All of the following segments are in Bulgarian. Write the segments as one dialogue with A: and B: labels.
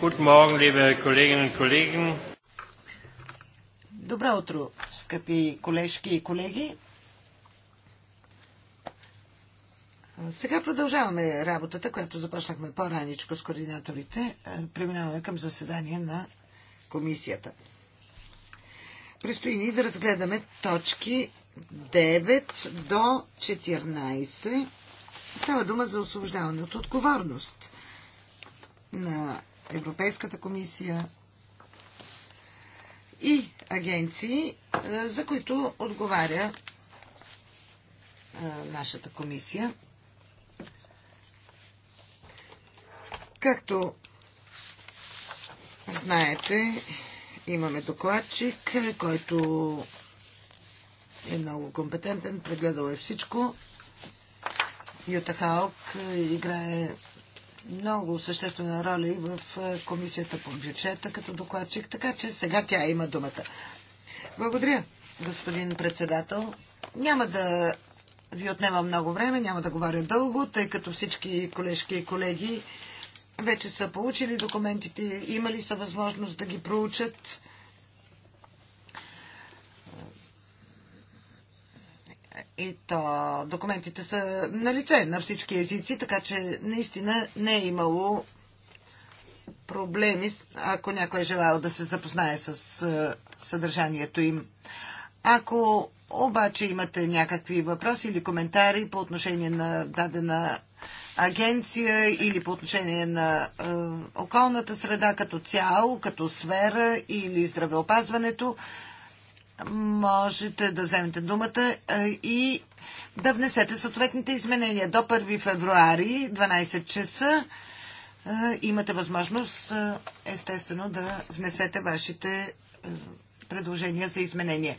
A: Guten Morgen, liebe Kolleginnen und Kollegen.
B: Добро утро, скъпи колежки и колеги. Сега продължаваме работата, която започнахме по-раничко с координаторите. Е, преминаваме към заседание на комисията. Предстои ни да разгледаме точки 9 до 14. Става дума за освобождаване от отговорност на Европейската комисия и агенции, е, за които отговаря е, нашата комисия. Както знаете, имаме докладчик, който е много компетентен, прегледал е всичко. Юта Халк играе много съществена роля и в е, комисията по бюджета като докладчик, така че сега тя има думата. Благодаря, господин председател. Няма да ви отнема много време, няма да говоря дълго, тъй като всички колежки и колеги вече са получили документите, имали са възможност да ги проучат. И то документите са на лице на всички езици, така че наистина не е имало проблеми, ако някой е желал да се запознае с е, съдържанието им. Ако обаче имате някакви въпроси или коментари по отношение на дадена агенция или по отношение на е, околната среда като цяло, като сфера или здравеопазването, можете да вземете думата и да внесете съответните изменения. До 1 февруари, 12 часа, имате възможност, естествено, да внесете вашите предложения за изменение.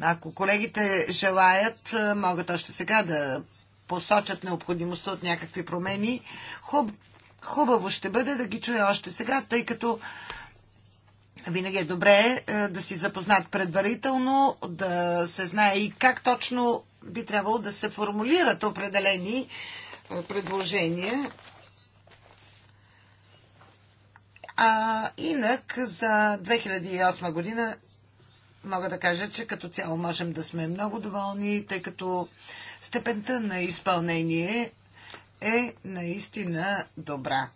B: Ако колегите желаят, могат още сега да посочат необходимостта от някакви промени. Хуб, хубаво ще бъде да ги чуя още сега, тъй като винаги е добре е, да си запознат предварително, да се знае и как точно би трябвало да се формулират определени е, предложения. А инак за 2008 година мога да кажа, че като цяло можем да сме много доволни, тъй като степента на изпълнение е наистина добра.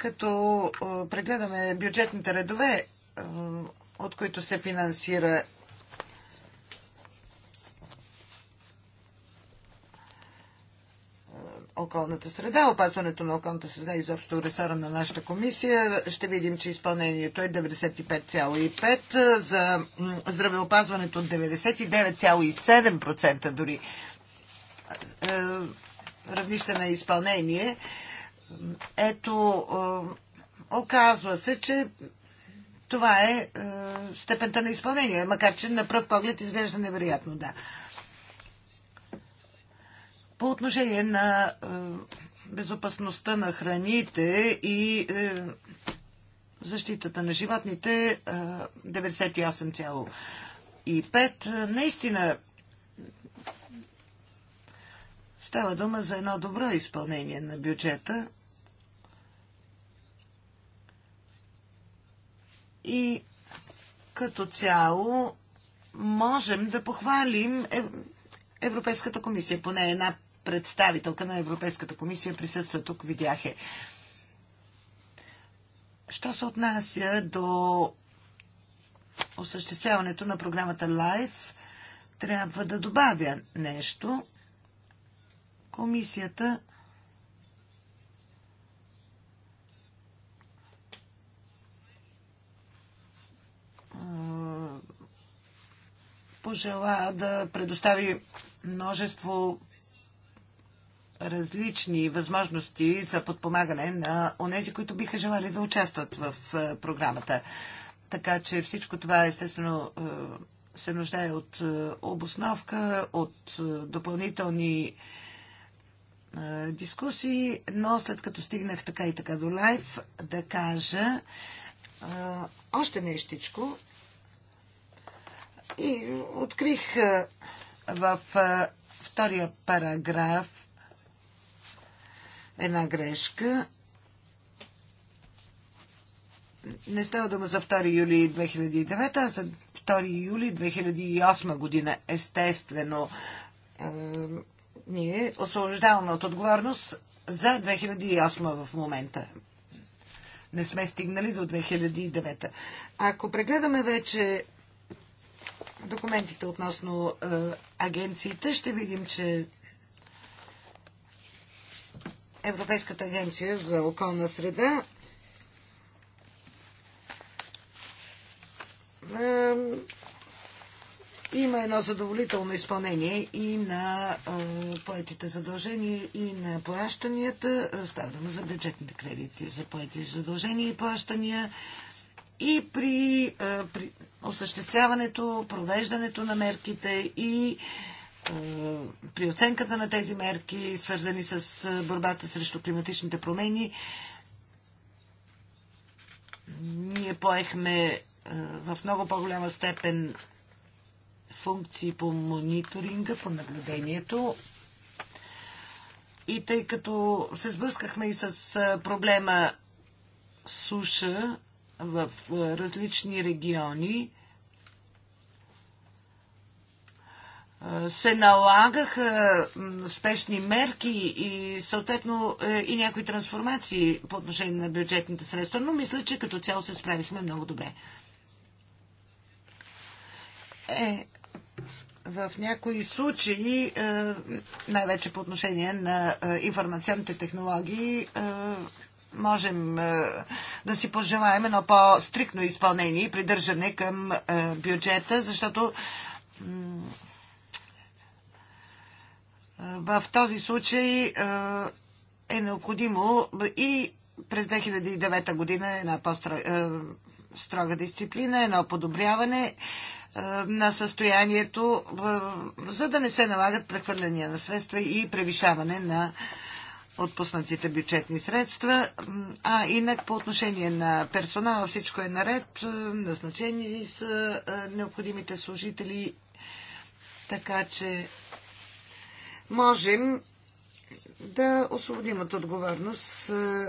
B: Като прегледаме бюджетните редове, от които се финансира околната среда, опазването на околната среда изобщо ресора на нашата комисия. Ще видим, че изпълнението е 95,5%, за здравеопазването от 99,7% дори равнище на изпълнение. Ето, оказва се, че това е, степента на изпълнение, макар че на пръв поглед изглежда невероятно, да. По отношение на безопасността на храните и защитата на животните, 98,5. Наистина става дума за едно добро изпълнение на бюджета. И като цяло можем да похвалим Европейската комисия, поне една представителка на Европейската комисия присъства тук, видях е. Що се отнася до осъществяването на програмата LIFE, трябва да добавя нещо. Комисията пожела да предостави множество различни възможности за подпомагане на онези, които биха желали да участват в е, програмата. Така че всичко това естествено е, се нуждае от е, обосновка, от допълнителни дискусии, но след като стигнах така и така до лайф, да кажа още нещичко и открих в втория параграф една грешка. Не става дума за 2 юли 2009, а за 2 юли 2008 година. Естествено, е, ние освобождаваме от отговорност за 2008 в момента. Не сме стигнали до 2009. Ако прегледаме вече документите относно е, агенциите ще видим, че Европейската агенция за околна среда е, има едно задоволително изпълнение и на е, поетите задължения и на плащанията. Става дума за бюджетните кредити за поети задължения и плащания и при, при осъществяването, провеждането на мерките и при оценката на тези мерки, свързани с борбата срещу климатичните промени, ние поехме в много по-голяма степен функции по мониторинга, по наблюдението. И тъй като се сблъскахме и с проблема суша, в различни региони се налагаха спешни мерки и съответно е, и някои трансформации по отношение на бюджетните средства, но мисля, че като цяло се справихме много добре. Е, в някои случаи, е, най-вече по отношение на е, информационните технологии, можем е, да си пожелаем едно по-стрикно изпълнение и придържане към е, бюджета, защото в този случай е, е необходимо и през 2009 година една по-строга дисциплина, едно подобряване на състоянието, за да не се налагат прехвърляния на средства и превишаване на отпуснатите бюджетни средства. А инак по отношение на персонала всичко е наред. Е, назначени са е, необходимите служители. Така че можем да освободим от отговорност е,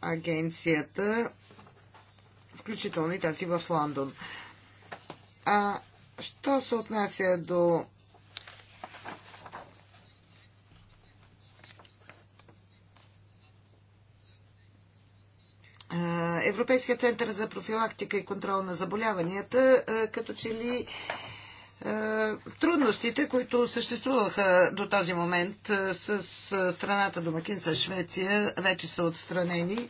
B: агенцията, включително и тази в Лондон. А що се отнася до Европейския център за профилактика и контрол на заболяванията, като че ли трудностите, които съществуваха до този момент с страната домакин с Швеция, вече са отстранени.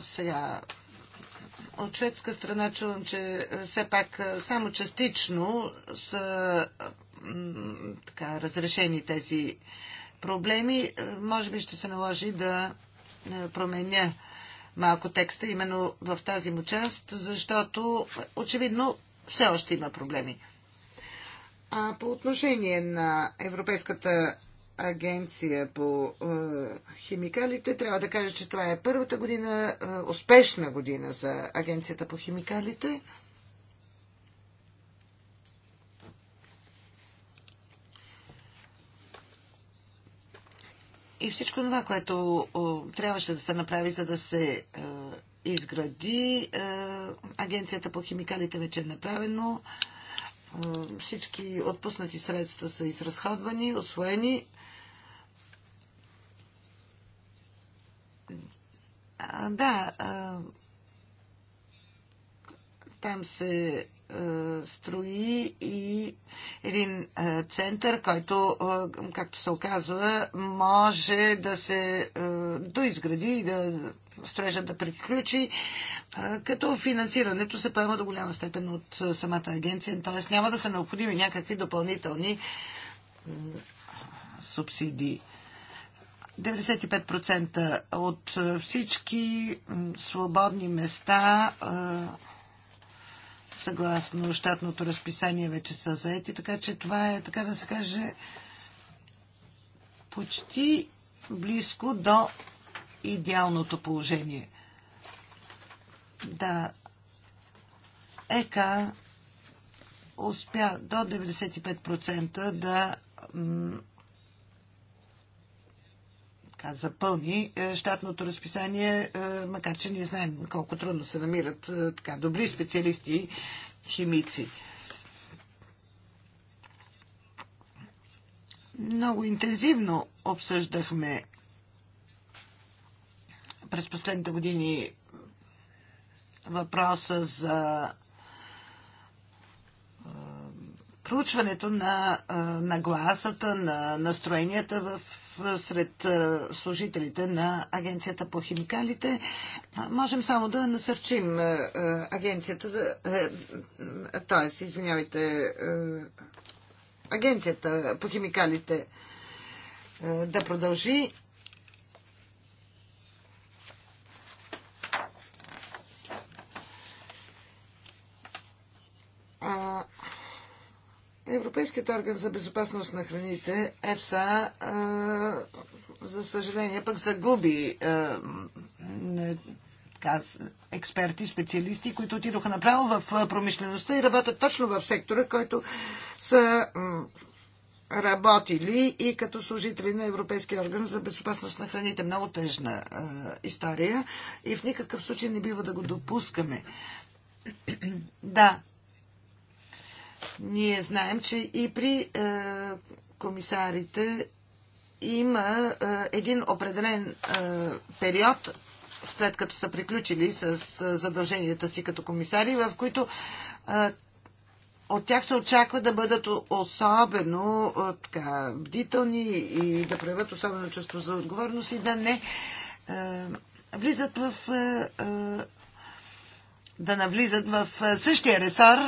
B: Сега от шведска страна чувам, че все пак само частично са така, разрешени тези проблеми. Може би ще се наложи да променя малко текста именно в тази му част, защото очевидно все още има проблеми. А по отношение на Европейската агенция по е, химикалите, трябва да кажа, че това е първата година, е, успешна година за агенцията по химикалите. И всичко това, което трябваше да се направи, за да се е, изгради е, агенцията по химикалите, вече е направено. Е, всички отпуснати средства са изразходвани, освоени. Да, там се е, строи и един е, център, който, е, както се оказва, може да се доизгради и да строежа да приключи, като финансирането се поема до голяма степен от самата агенция, т.е. няма да са необходими някакви допълнителни субсидии. 95% от всички свободни места съгласно щатното разписание вече са заети, така че това е, така да се каже, почти близко до идеалното положение. Да, ЕКА успя до 95% да така, запълни е, щатното разписание, е, макар че ние знаем колко трудно се намират е, така, добри специалисти химици. Много интензивно обсъждахме през последните години въпроса за проучването на нагласата, на настроенията в сред служителите на Агенцията по химикалите. Можем само да насърчим агенцията, т.е. извинявайте, Агенцията по химикалите да продължи А, Европейският орган за безопасност на храните, ЕФСА, за съжаление, пък загуби е, експерти, специалисти, които отидоха направо в промишлеността и работят точно в сектора, който са работили и като служители на Европейския орган за безопасност на храните. Много тежна история и в никакъв случай не бива да го допускаме. Да, ние знаем, че и при е, комисарите има е, един определен е, период, след като са приключили с задълженията си като комисари, в които от тях се очаква да бъдат особено така, бдителни и да проявят особено чувство за отговорност и да не влизат в да навлизат в същия ресор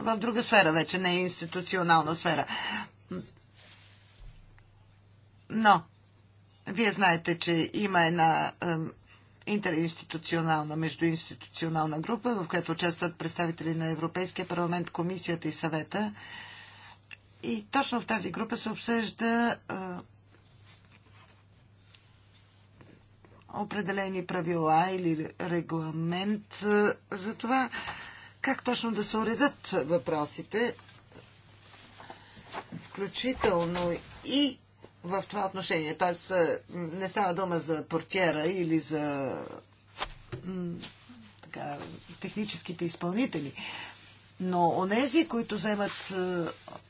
B: в друга сфера, вече не е институционална сфера. Но, вие знаете, че има една интеринституционална, междуинституционална група, в която участват представители на Европейския парламент, комисията и съвета. И точно в тази група се обсъжда е, определени правила или регламент е, за това как точно да се уредят въпросите, включително и в това отношение. Т.е. не става дума за портиера или за така, техническите изпълнители. Но онези, които вземат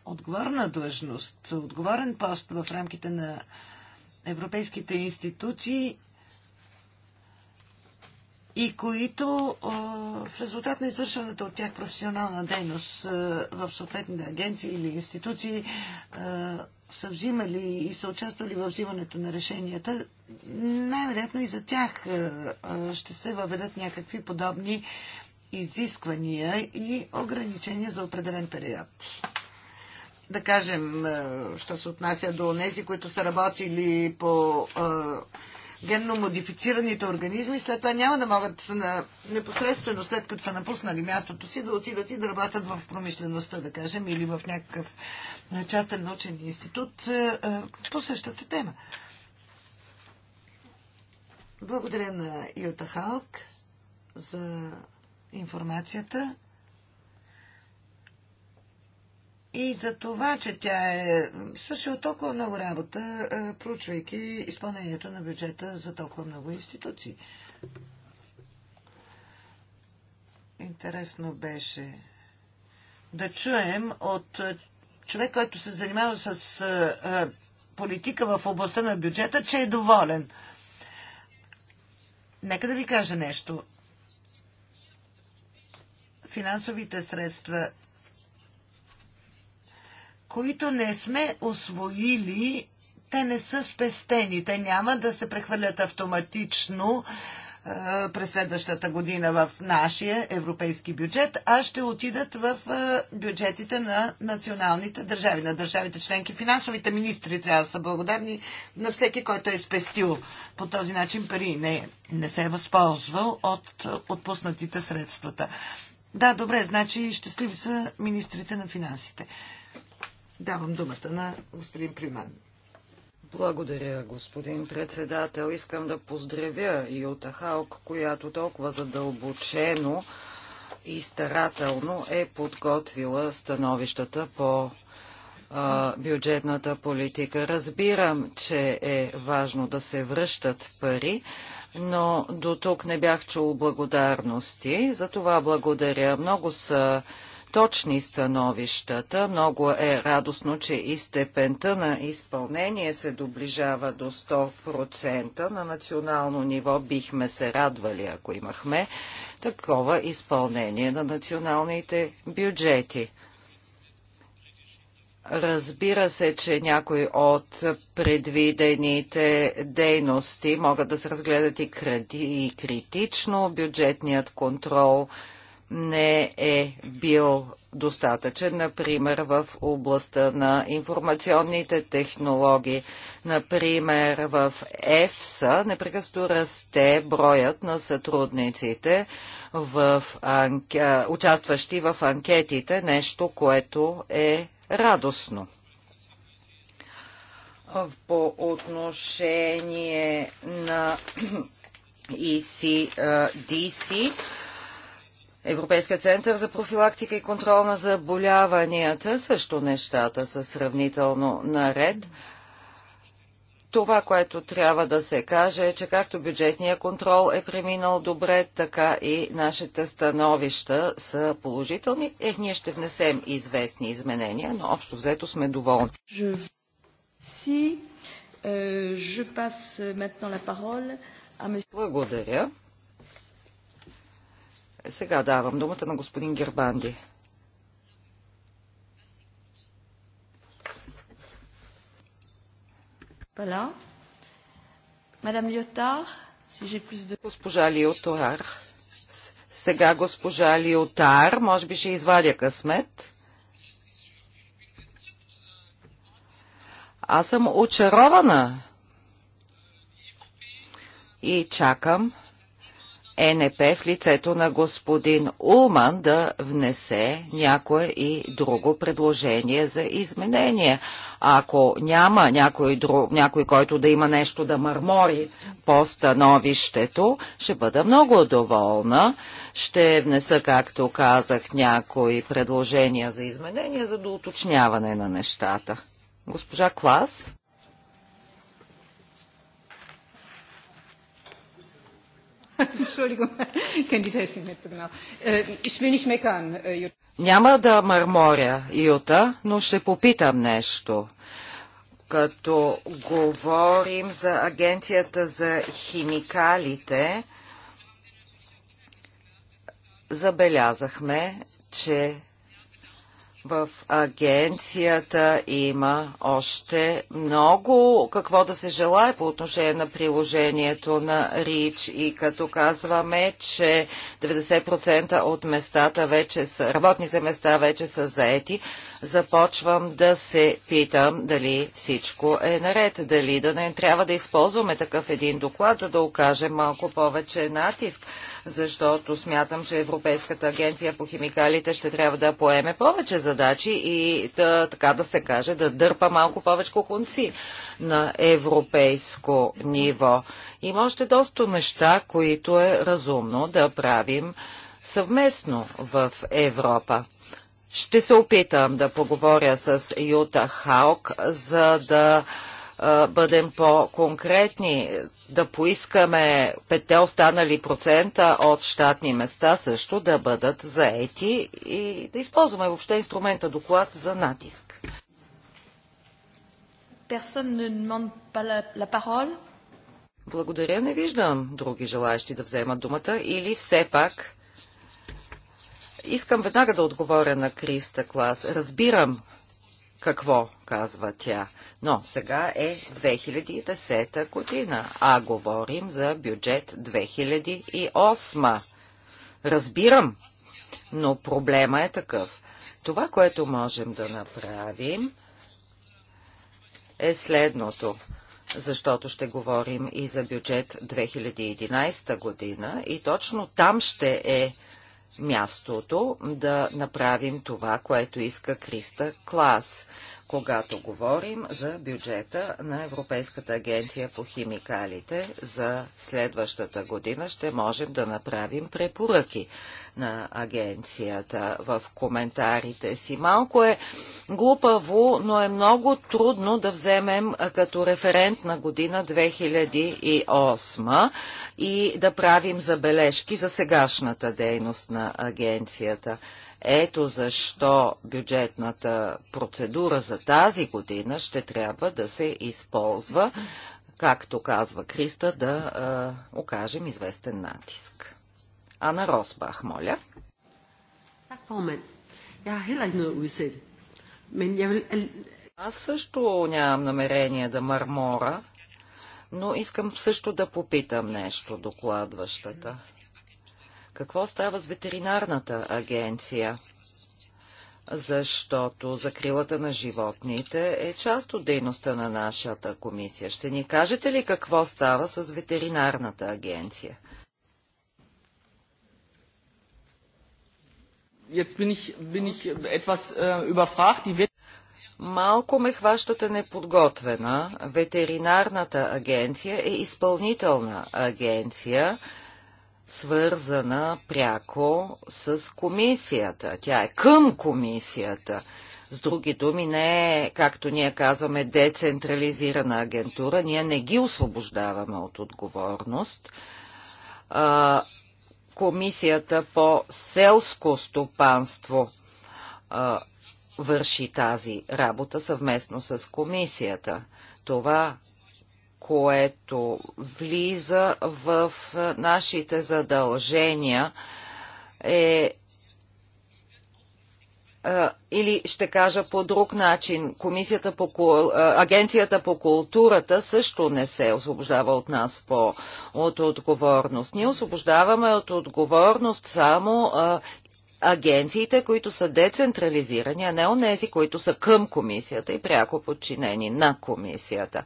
B: отговорна длъжност, отговорен пост в рамките на европейските институции, и които в резултат на извършената от тях професионална дейност в съответните агенции или институции са взимали и са участвали в взимането на решенията, най-вероятно и за тях ще се въведат някакви подобни изисквания и ограничения за определен период. Да кажем, що се отнася до тези, които са работили по генно модифицираните организми, след това няма да могат на, непосредствено след като са напуснали мястото си да отидат и да работят в промишлеността, да кажем, или в някакъв частен научен институт е, е, по същата тема. Благодаря на Юта Халк за информацията. и за това, че тя е свършила толкова много работа, проучвайки изпълнението на бюджета за толкова много институции. Интересно беше да чуем от човек, който се занимава с политика в областта на бюджета, че е доволен. Нека да ви кажа нещо. Финансовите средства които не сме освоили, те не са спестени. Те няма да се прехвърлят автоматично през следващата година в нашия европейски бюджет, а ще отидат в бюджетите на националните държави, на държавите членки. Финансовите министри трябва да са благодарни на всеки, който е спестил по този начин пари. Не, не се е възползвал от отпуснатите средствата. Да, добре, значи щастливи са министрите на финансите. Давам думата на господин Приман. Благодаря, господин
A: председател. Искам да поздравя Юта Халк, която толкова задълбочено и старателно е подготвила становищата по а, бюджетната политика. Разбирам, че е важно да се връщат пари, но до тук не бях чул благодарности. За това благодаря. Много са точни становищата. Много е радостно, че и степента на изпълнение се доближава до 100%. На национално ниво бихме се радвали, ако имахме такова изпълнение на националните бюджети. Разбира се, че някои от предвидените дейности могат да се разгледат и критично. Бюджетният контрол – не е бил достатъчен, например в областта на информационните технологии. Например в ЕФСА непрекъсто расте броят на сътрудниците, в анке... участващи в анкетите, нещо, което е радостно по отношение на ECDC. Европейският център за профилактика и контрол на заболяванията също нещата са сравнително наред. Това, което трябва да се каже е, че както бюджетния контрол е преминал добре, така и нашите становища са положителни. Е, ние ще внесем известни изменения, но общо взето сме доволни. Е, Благодаря. Сега давам думата на господин Гербанди. Voilà. Madame Госпожа Лиотар. Сега госпожа Лиотар, може би ще извадя късмет. Аз съм очарована. И чакам. ЕНП в лицето на господин Улман да внесе някое и друго предложение за изменение. Ако няма някой, друг, някой който да има нещо да мърмори по становището, ще бъда много доволна. Ще внеса, както казах, някои предложения за изменения, за доуточняване на нещата. Госпожа Клас? Entschuldigung, ich kenne die Technik nicht so genau. Äh, ich will nicht meckern, äh, Jutta. Няма да мърморя, Юта, но ще попитам нещо. Като говорим за агенцията за химикалите, забелязахме, че в агенцията има още много какво да се желае по отношение на приложението на РИЧ и като казваме, че 90% от местата вече са, работните места вече са заети, започвам да се питам дали всичко е наред, дали да не трябва да използваме такъв един доклад, за да окажем малко повече натиск защото смятам, че Европейската агенция по химикалите ще трябва да поеме повече задачи и да, така да се каже, да дърпа малко повече конци на европейско ниво. Има още доста неща, които е разумно да правим съвместно в Европа. Ще се опитам да поговоря с Юта Халк, за да бъдем по-конкретни, да поискаме петте останали процента от щатни места също да бъдат заети и да използваме въобще инструмента доклад за натиск. Благодаря, не виждам други желаящи да вземат думата или все пак искам веднага да отговоря на Криста Клас. Разбирам какво казва тя. Но сега е 2010 година, а говорим за бюджет 2008. Разбирам, но проблема е такъв. Това, което можем да направим, е следното защото ще говорим и за бюджет 2011 година и точно там ще е мястото да направим това, което иска Криста Клас когато говорим за бюджета на Европейската агенция по химикалите за следващата година, ще можем да направим препоръки на агенцията в коментарите си. Малко е глупаво, но е много трудно да вземем като референт на година 2008 и да правим забележки за сегашната дейност на агенцията. Ето защо бюджетната процедура за тази година ще трябва да се използва, както казва Криста, да а, е, окажем известен натиск. Ана Росбах, моля. Так, Аз също нямам намерение да мърмора, но искам също да попитам нещо докладващата. Какво става с ветеринарната агенция? Защото закрилата на животните е част от дейността на нашата комисия. Ще ни кажете ли какво става с ветеринарната агенция?
C: Jetzt bin ich, bin ich äh, etwas äh,
A: überfragt. Die Малко ме хващате неподготвена. Ветеринарната агенция е изпълнителна агенция. Äh, свързана пряко с комисията. Тя е към комисията. С други думи, не е, както ние казваме, децентрализирана агентура. Ние не ги освобождаваме от отговорност. А, комисията по селско стопанство а, върши тази работа съвместно с комисията. Това което влиза в нашите задължения е или ще кажа по друг начин, комисията по, агенцията по културата също не се освобождава от нас по, от отговорност. Ние освобождаваме от отговорност само а, агенциите, които са децентрализирани, а не онези, които са към комисията и пряко подчинени на комисията.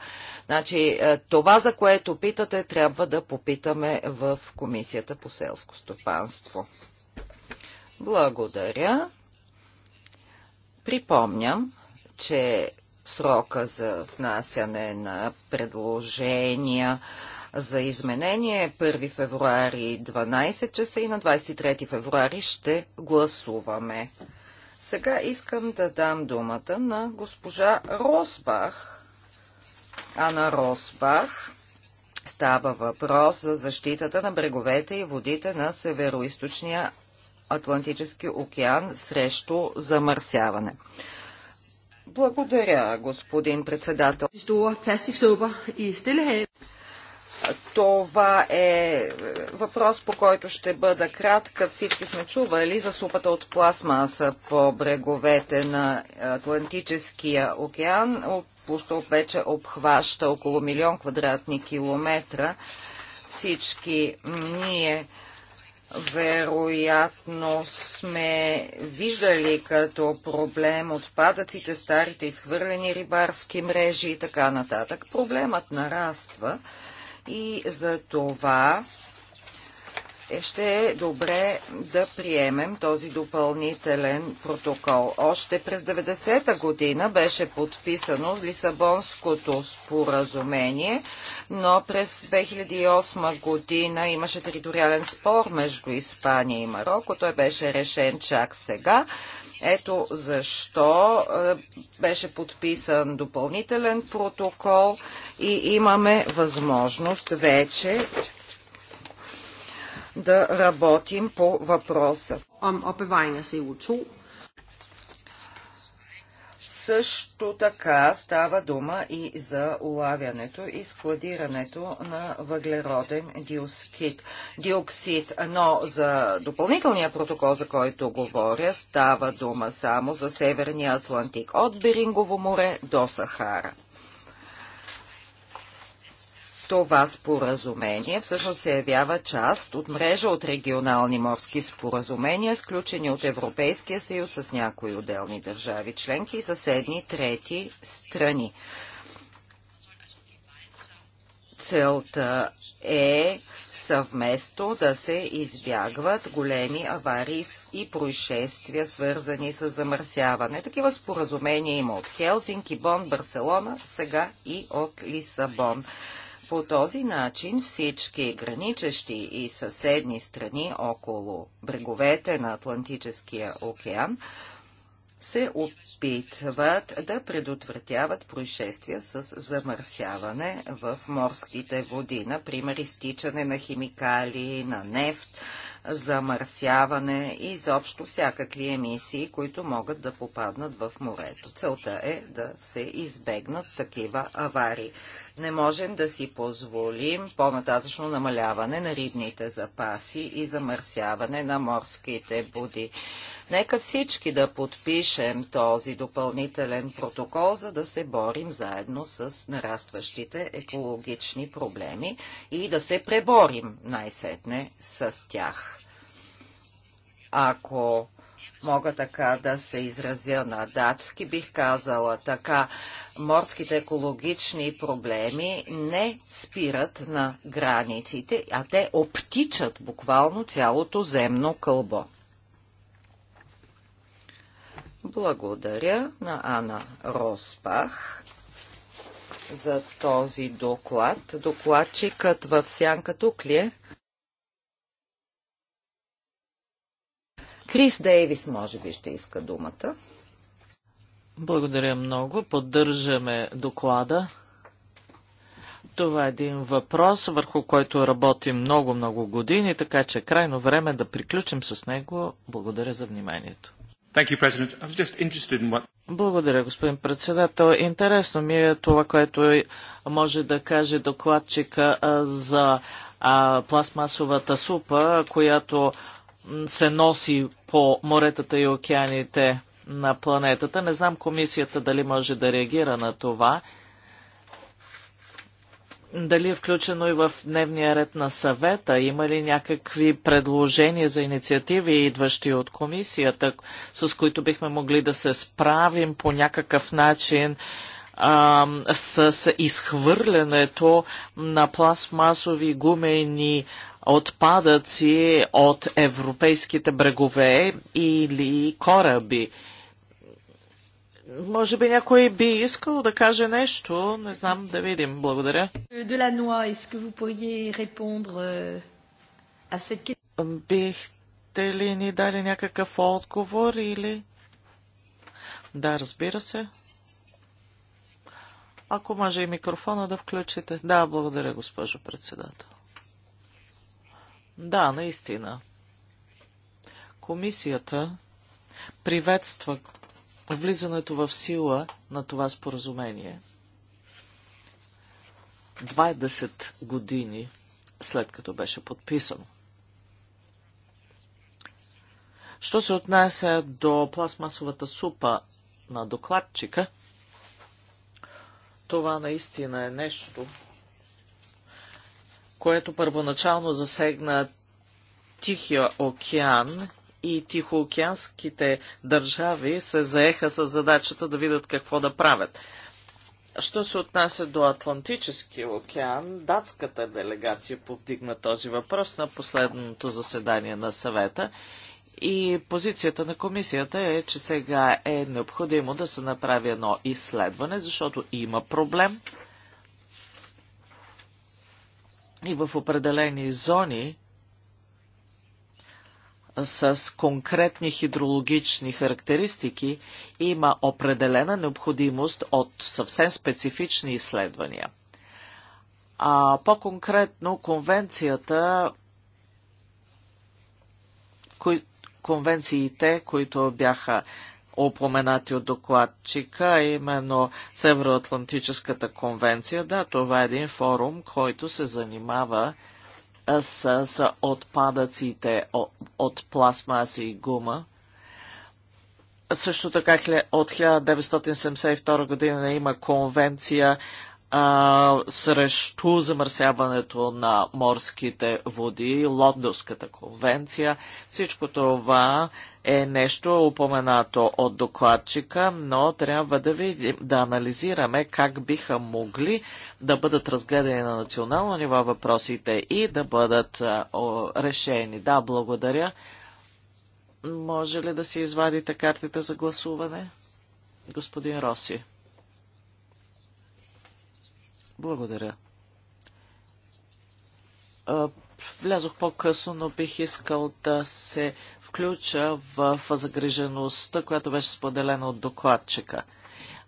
A: Значи, е, това, за което питате, трябва да попитаме в комисията по селско стопанство. Благодаря. Припомням, че срока за внасяне на предложения за изменение. 1 февруари 12 часа и на 23 февруари ще гласуваме. Сега искам да дам думата на госпожа Росбах. Ана Росбах. Става въпрос за защитата на бреговете и водите на Североизточния Атлантически океан срещу замърсяване. Благодаря, господин председател. Това е въпрос, по който ще бъда кратка. Всички сме чували за супата от пластмаса по бреговете на Атлантическия океан. Площа вече обхваща около милион квадратни километра. Всички ние вероятно сме виждали като проблем отпадъците, старите изхвърлени рибарски мрежи и така нататък. Проблемът нараства и за това е, ще е добре да приемем този допълнителен протокол. Още през 90-та година беше подписано Лисабонското споразумение, но през 2008 година имаше териториален спор между Испания и Марокко. Той беше решен чак сега. Ето защо е, беше подписан допълнителен протокол и имаме възможност вече да работим по въпроса. Също така става дума и за улавянето и складирането на въглероден диоксид. диоксид. Но за допълнителния протокол, за който говоря, става дума само за Северния Атлантик от Берингово море до Сахара това споразумение всъщност се явява част от мрежа от регионални морски споразумения, сключени от Европейския съюз с някои отделни държави членки и съседни трети страни. Целта е съвместно да се избягват големи аварии и происшествия, свързани с замърсяване. Такива споразумения има от Хелзинки, Бон, Барселона, сега и от Лисабон. По този начин всички граничещи и съседни страни около бреговете на Атлантическия океан се опитват да предотвратяват происшествия с замърсяване в морските води, например изтичане на химикали, на нефт, замърсяване и изобщо всякакви емисии, които могат да попаднат в морето. Целта е да се избегнат такива аварии. Не можем да си позволим по-нататъчно намаляване на рибните запаси и замърсяване на морските води. Нека всички да подпишем този допълнителен протокол, за да се борим заедно с нарастващите екологични проблеми и да се преборим най-сетне с тях. Ако мога така да се изразя на датски, бих казала така, морските екологични проблеми не спират на границите, а те обтичат буквално цялото земно кълбо. Благодаря на Ана Роспах за този доклад. Докладчикът в сянка тук ли е? Крис Дейвис може би ще иска думата.
C: Благодаря много. Поддържаме доклада. Това е един въпрос, върху който работим много-много години, така че е крайно време да приключим с него. Благодаря за вниманието. Благодаря, господин председател. Интересно ми е това, което може да каже докладчика за пластмасовата супа, която се носи по моретата и океаните на планетата. Не знам комисията дали може да реагира на това дали е включено и в дневния ред на съвета? Има ли някакви предложения за инициативи, идващи от комисията, с които бихме могли да се справим по някакъв начин а, с изхвърлянето на пластмасови гумени отпадъци от европейските брегове или кораби? Може би някой би искал да каже нещо. Не знам, да видим. Благодаря. Бихте ли ни дали някакъв отговор или... Да, разбира се. Ако може и микрофона да включите. Да, благодаря, госпожо председател. Да, наистина. Комисията приветства влизането в сила на това споразумение 20 години след като беше подписано. Що се отнася до пластмасовата супа на докладчика, това наистина е нещо, което първоначално засегна Тихия океан и тихоокеанските държави се заеха с задачата да видят какво да правят. Що се отнася до Атлантическия океан, датската делегация повдигна този въпрос на последното заседание на съвета и позицията на комисията е, че сега е необходимо да се направи едно изследване, защото има проблем и в определени зони с конкретни хидрологични характеристики, има определена необходимост от съвсем специфични изследвания. А по-конкретно конвенцията, кои, конвенциите, които бяха упоменати от докладчика, именно Североатлантическата конвенция. Да, това е един форум, който се занимава с, с отпадъците от, от пластмаси и гума. Също така от 1972 година има конвенция а, срещу замърсяването на морските води, Лондонската конвенция. Всичко това е нещо упоменато от докладчика, но трябва да, видим, да анализираме как биха могли да бъдат разгледани на национално ниво въпросите и да бъдат о, решени. Да, благодаря. Може ли да си извадите картите за гласуване? Господин Роси. Благодаря. Влязох по-късно, но бих искал да се включа в загрижеността, която беше споделена от докладчика.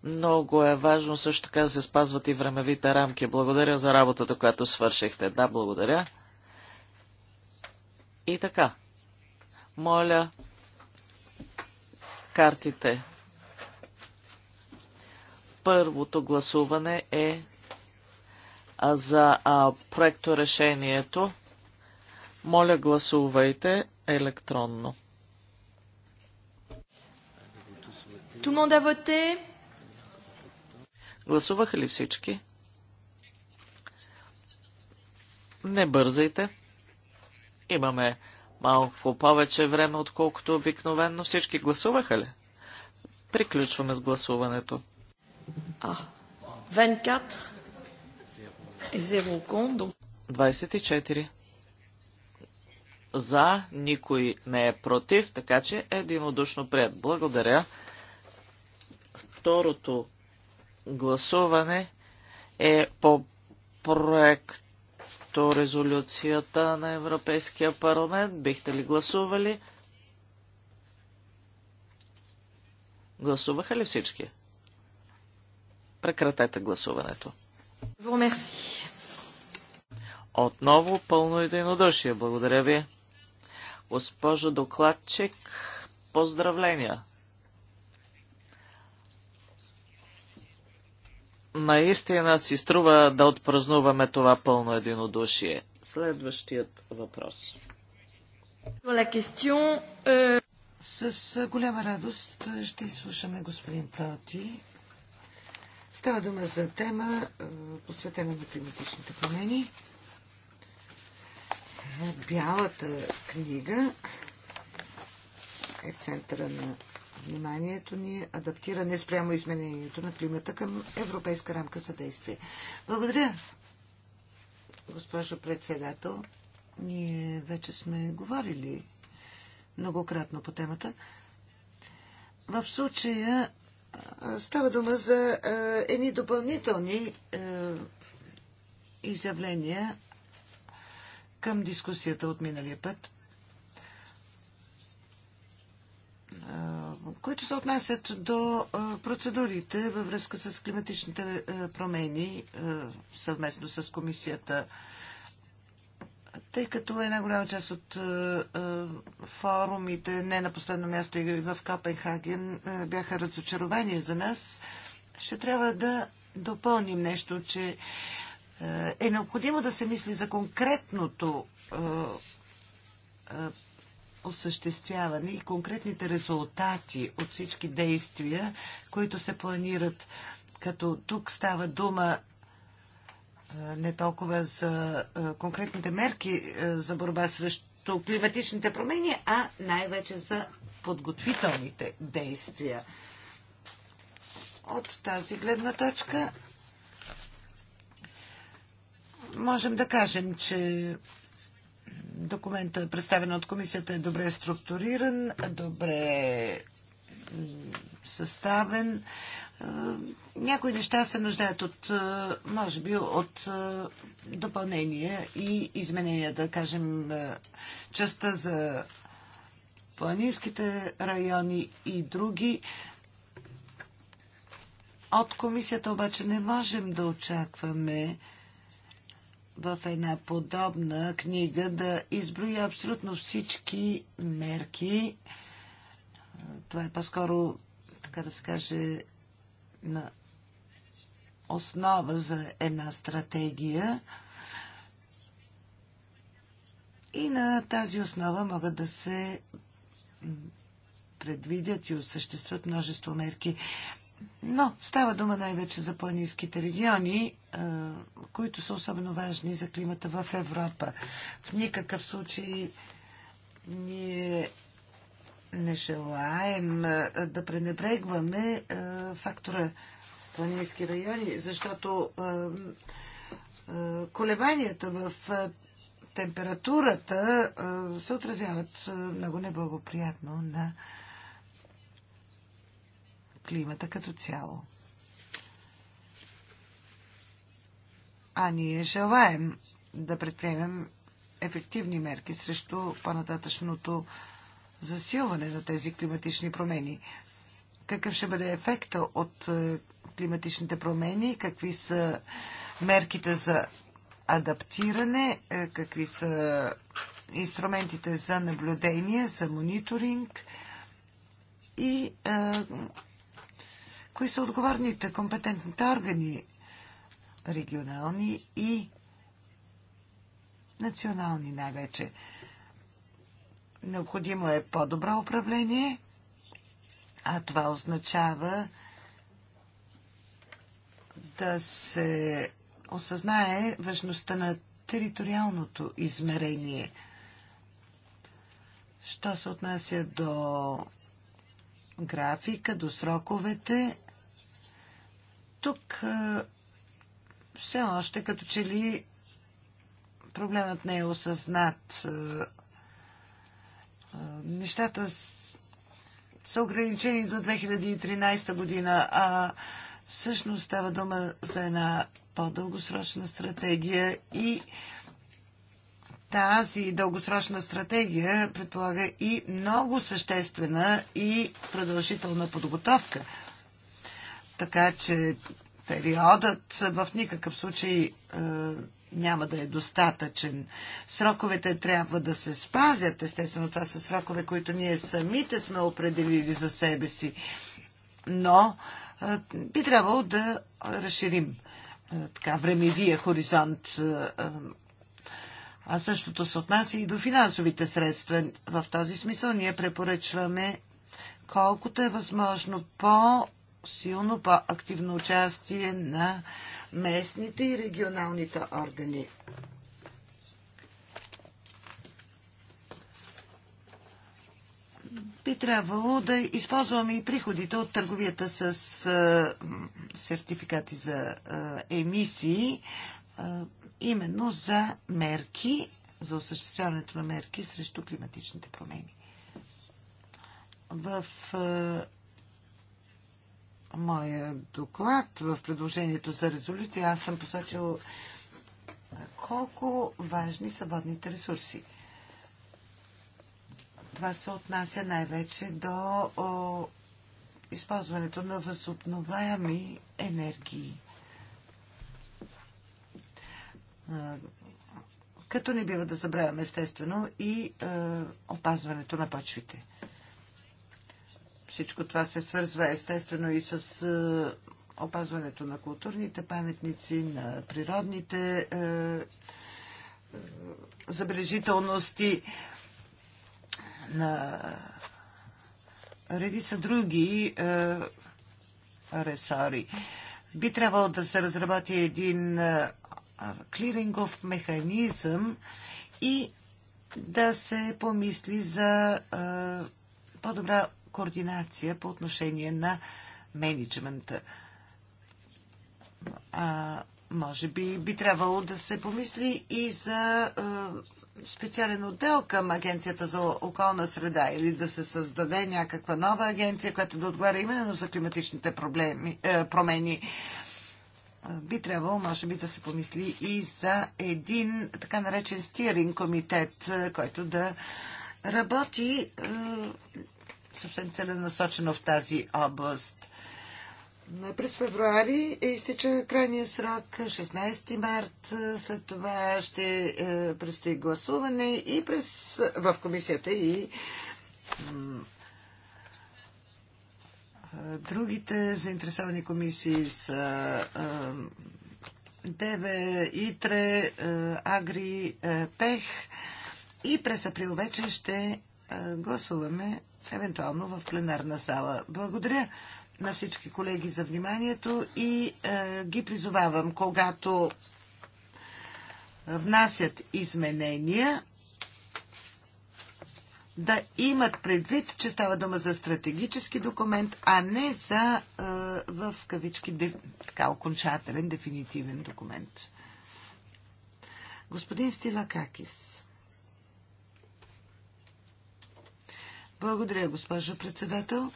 C: Много е важно също така да се спазват и времевите рамки. Благодаря за работата, която свършихте. Да, благодаря. И така. Моля картите. Първото гласуване е за проекто решението. Моля гласувайте електронно. Гласуваха ли всички? Не бързайте. Имаме малко повече време, отколкото обикновено Всички гласуваха ли? Приключваме с гласуването. А, 24 0 24 за, никой не е против, така че единодушно пред. Благодаря. Второто гласуване е по проекто резолюцията на Европейския парламент. Бихте ли гласували? Гласуваха ли всички? Прекратете гласуването. Отново пълно единодушие. Благодаря ви. Госпожо докладчик, поздравления! Наистина си струва да отпразнуваме това пълно единодушие. Следващият въпрос.
B: С голяма радост ще изслушаме господин Плати. Става дума за тема, е, посветена на климатичните промени. Бялата книга е в центъра на вниманието ни адаптиране спрямо изменението на климата към Европейска рамка за действие. Благодаря, госпожо председател. Ние вече сме говорили многократно по темата. В случая става дума за едни допълнителни изявления, към дискусията от миналия път, които се отнасят до процедурите във връзка с климатичните промени съвместно с комисията. Тъй като една голяма част от форумите, не на последно място и в Копенхаген, бяха разочаровани за нас, ще трябва да допълним нещо, че е, е необходимо да се мисли за конкретното е, е, осъществяване и конкретните резултати от всички действия, които се планират. Като тук става дума не толкова за конкретните мерки за борба срещу климатичните промени, а най-вече за подготвителните действия. От тази гледна точка можем да кажем, че документът, представен от комисията, е добре структуриран, добре съставен. Е, някои неща се нуждаят от, е, може би, от е, допълнения и изменения, да кажем, частта за планинските райони и други. От комисията обаче не можем да очакваме в една подобна книга да изброя абсолютно всички мерки. Това е по-скоро, така да се каже, на основа за една стратегия. И на тази основа могат да се предвидят и осъществят множество мерки. Но става дума най-вече за планинските региони, които са особено важни за климата в Европа. В никакъв случай ние не желаем да пренебрегваме фактора планински райони, защото колебанията в температурата се отразяват много неблагоприятно на климата като цяло. А ние желаем да предприемем ефективни мерки срещу по-нататъчното засилване на тези климатични промени. Какъв ще бъде ефекта от е, климатичните промени, какви са мерките за адаптиране, е, какви са инструментите за наблюдение, за мониторинг и е, Кои са отговорните, компетентните органи, регионални и национални най-вече? Необходимо е по-добро управление, а това означава да се осъзнае важността на териториалното измерение. Що се отнася до графика, до сроковете, тук все още като че ли проблемът не е осъзнат. Нещата са ограничени до 2013 година, а всъщност става дума за една по-дългосрочна стратегия и тази дългосрочна стратегия предполага и много съществена и продължителна подготовка така че периодът в никакъв случай е, няма да е достатъчен. Сроковете трябва да се спазят. Естествено, това са срокове, които ние самите сме определили за себе си. Но е, би трябвало да разширим е, така времевия хоризонт. А същото се отнася и до финансовите средства. В този смисъл ние препоръчваме колкото е възможно по силно по-активно участие на местните и регионалните органи. би трябвало да използваме и приходите от търговията с сертификати за емисии, именно за мерки, за осъществяването на мерки срещу климатичните промени. В моя доклад, в предложението за резолюция, аз съм посочил колко важни са водните ресурси. Това се отнася най-вече до о, използването на възобновяеми енергии. Като не бива да забравяме естествено и е, опазването на почвите. Всичко това се свързва естествено и с е, опазването на културните паметници, на природните е, е, забележителности, на редица други е, ресори. Би трябвало да се разработи един е, клирингов механизъм и да се помисли за е, по-добра координация по отношение на менеджмента. А, може би би трябвало да се помисли и за а, специален отдел към Агенцията за околна среда или да се създаде някаква нова агенция, която да отговаря именно за климатичните проблеми, е, а, промени. Би трябвало, може би, да се помисли и за един така наречен стиринг комитет, е, който да работи е, съвсем целенасочено в тази област. През февруари изтича крайния срок, 16 март. След това ще предстои гласуване и през, в комисията и другите заинтересовани комисии са ДВ, ИТРЕ, Агри, ПЕХ и през април вече ще гласуваме евентуално в пленарна сала. Благодаря на всички колеги за вниманието и е, ги призовавам, когато внасят изменения, да имат предвид, че става дума за стратегически документ, а не за е, в кавички де, така, окончателен, дефинитивен документ. Господин Стилакакис. Благодаря, госпожо председател.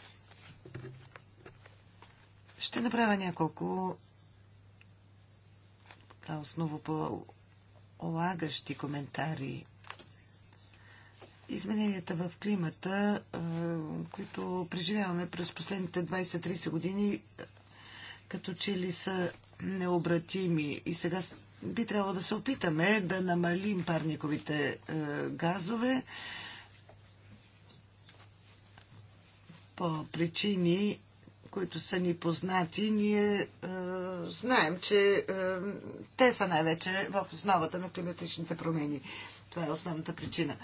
B: Ще направя няколко осново по лагащи коментари. Измененията в климата, които преживяваме през последните 20-30 години, като че ли са необратими. И сега би трябвало да се опитаме да намалим парниковите газове по причини, които са ни познати, ние е, знаем, че е, те са най-вече в основата на климатичните промени. Това е основната причина.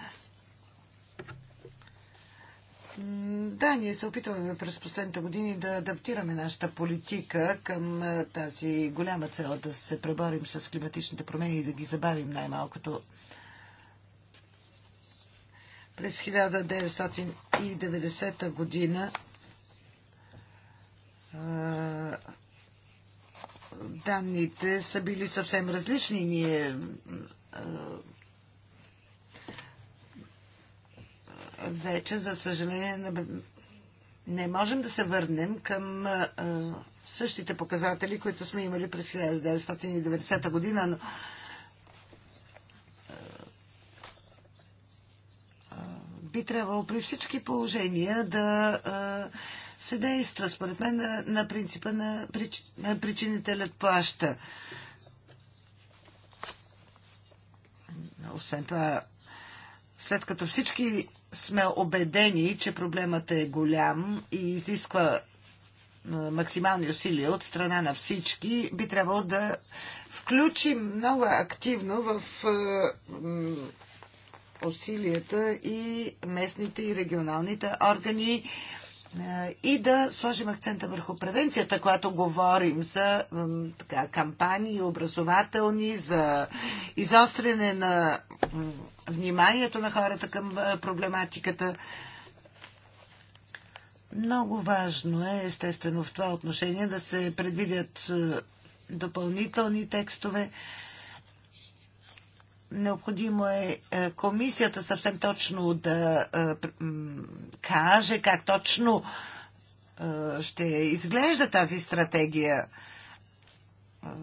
B: Да, ние се опитваме през последните години да адаптираме нашата политика към е, тази голяма цел да се преборим с климатичните промени и да ги забавим най-малкото. През 1990 година данните са били съвсем различни. Ние вече, за съжаление, не можем да се върнем към същите показатели, които сме имали през 1990 година, но би трябвало при всички положения да се действа, според мен, на, на принципа на прич, причинителят плаща. Освен това, след като всички сме убедени, че проблемът е голям и изисква максимални усилия от страна на всички, би трябвало да включим много активно в усилията и местните и регионалните органи е, и да сложим акцента върху превенцията, когато говорим за така, кампании образователни, за изостряне на вниманието на хората към е, проблематиката. Много важно е, естествено, в това отношение да се предвидят е, допълнителни текстове. Необходимо е, е комисията съвсем точно да е, каже как точно е, ще изглежда тази стратегия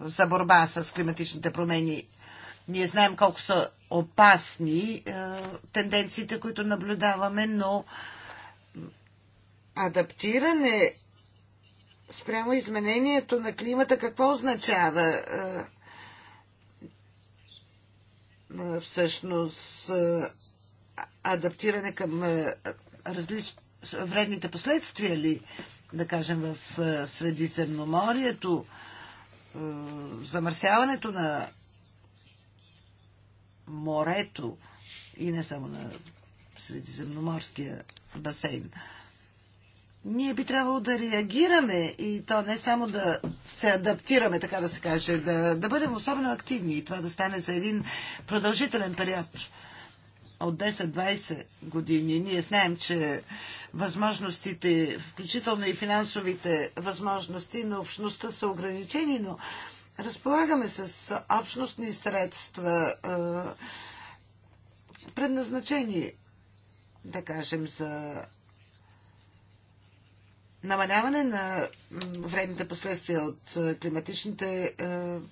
B: за борба с климатичните промени. Ние знаем колко са опасни тенденциите, които наблюдаваме, но адаптиране спрямо изменението на климата какво означава? всъщност адаптиране към различни вредните последствия ли, да кажем, в Средиземноморието, замърсяването на морето и не само на Средиземноморския басейн ние би трябвало да реагираме и то не само да се адаптираме, така да се каже, да, да бъдем особено активни и това да стане за един продължителен период от 10-20 години. Ние знаем, че възможностите, включително и финансовите възможности на общността са ограничени, но разполагаме с общностни средства, предназначени, да кажем, за намаляване на вредните последствия от е, климатичните е,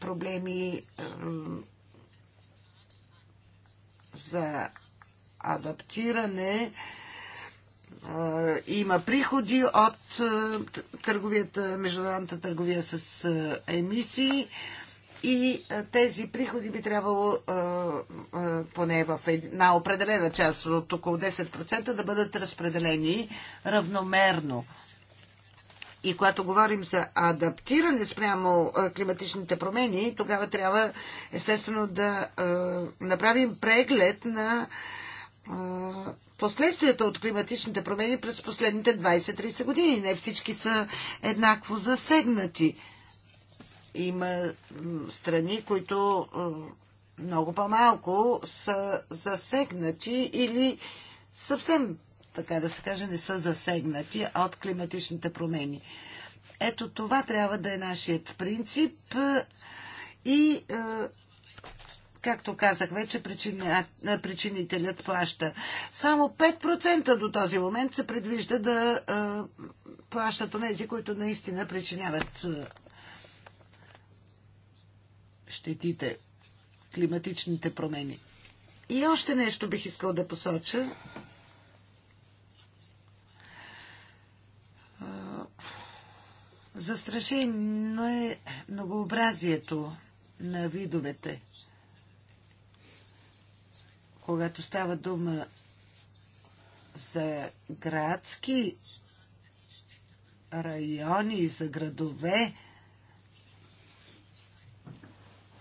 B: проблеми, е, за адаптиране има приходи от търговията, международната търговия с емисии и тези приходи би трябвало поне в една определена част от около 10% да бъдат разпределени равномерно и когато говорим за адаптиране спрямо климатичните промени, тогава трябва естествено да направим преглед на последствията от климатичните промени през последните 20-30 години. Не всички са еднакво засегнати. Има страни, които много по-малко са засегнати или съвсем така да се каже, не са засегнати от климатичните промени. Ето това трябва да е нашият принцип е, и е, както казах вече, е, причинителят плаща. Само 5% до този момент се предвижда да плащат онези, които наистина причиняват щетите, климатичните промени. И още нещо бих искал да посоча Застрашено е многообразието на видовете. Когато става дума за градски райони, за градове,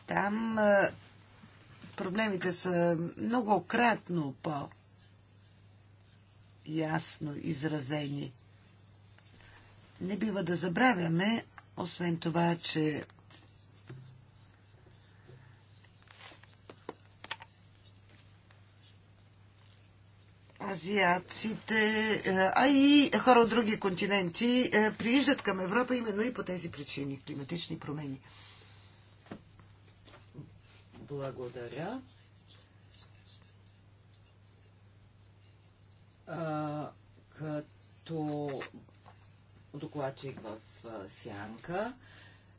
B: там проблемите са многократно по-ясно изразени. Не бива да забравяме, освен това, че азиаците, е, а и хора от други континенти е, прииждат към Европа именно и по тези причини климатични промени.
A: Благодаря. А, като докладчик в Сянка.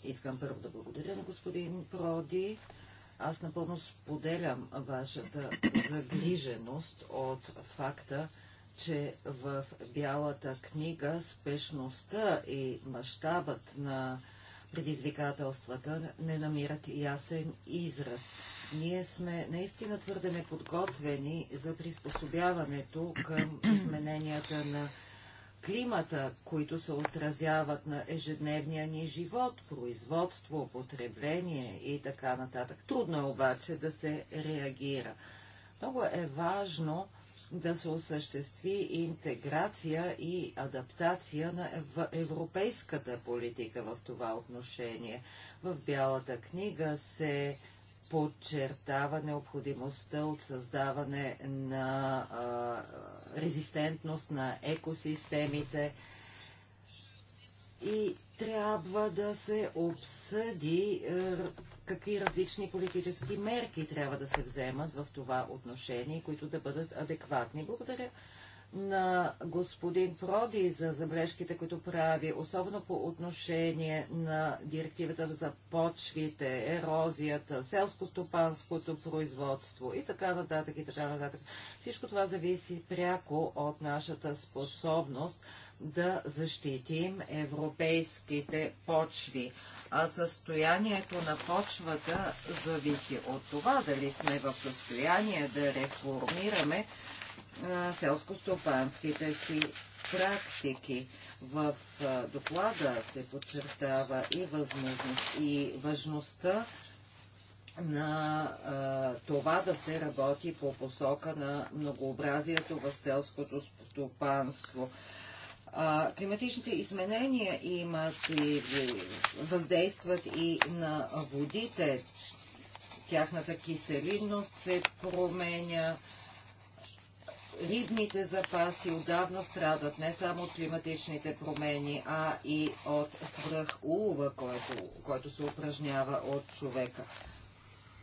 A: Искам първо да благодаря на господин Проди. Аз напълно споделям вашата загриженост от факта, че в Бялата книга спешността и мащабът на предизвикателствата не намират ясен израз. Ние сме наистина твърде неподготвени за приспособяването към измененията на климата, които се отразяват на ежедневния ни живот, производство, потребление и така нататък. Трудно е обаче да се реагира. Много е важно да се осъществи интеграция и адаптация на европейската политика в това отношение. В Бялата книга се подчертава необходимостта от създаване на а, резистентност на екосистемите и трябва да се обсъди а, е, какви различни политически мерки трябва да се вземат в това отношение, които да бъдат адекватни. Благодаря на господин Проди за забележките, които прави, особено по отношение на директивата за почвите, ерозията, селско-стопанското производство и така нататък и така нататък. Всичко това зависи пряко от нашата способност да защитим европейските почви. А състоянието на почвата зависи от това дали сме в състояние да реформираме селско-стопанските си практики. В доклада се подчертава и възможност и важността на а, това да се работи по посока на многообразието в селското стопанство. А, климатичните изменения имат и въздействат и на водите. Тяхната киселинност се променя, рибните запаси отдавна страдат не само от климатичните промени, а и от свръхулова, който, който се упражнява от човека.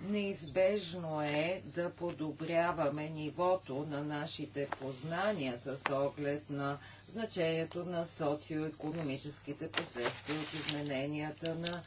A: Неизбежно е да подобряваме нивото на нашите познания с оглед на значението на социоекономическите последствия от измененията на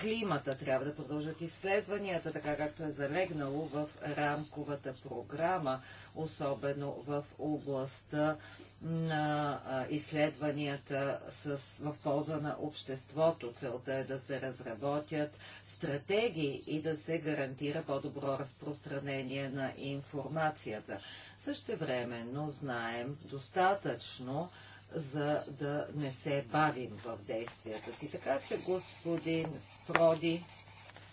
A: климата. Трябва да продължат изследванията, така както е залегнало в рамковата програма, особено в областта на изследванията с, в полза на обществото. Целта е да се разработят стратегии и да се гарантира по-добро разпространение на информацията. Същевременно знаем достатъчно, за да не се бавим в действията си. Така че, господин Проди,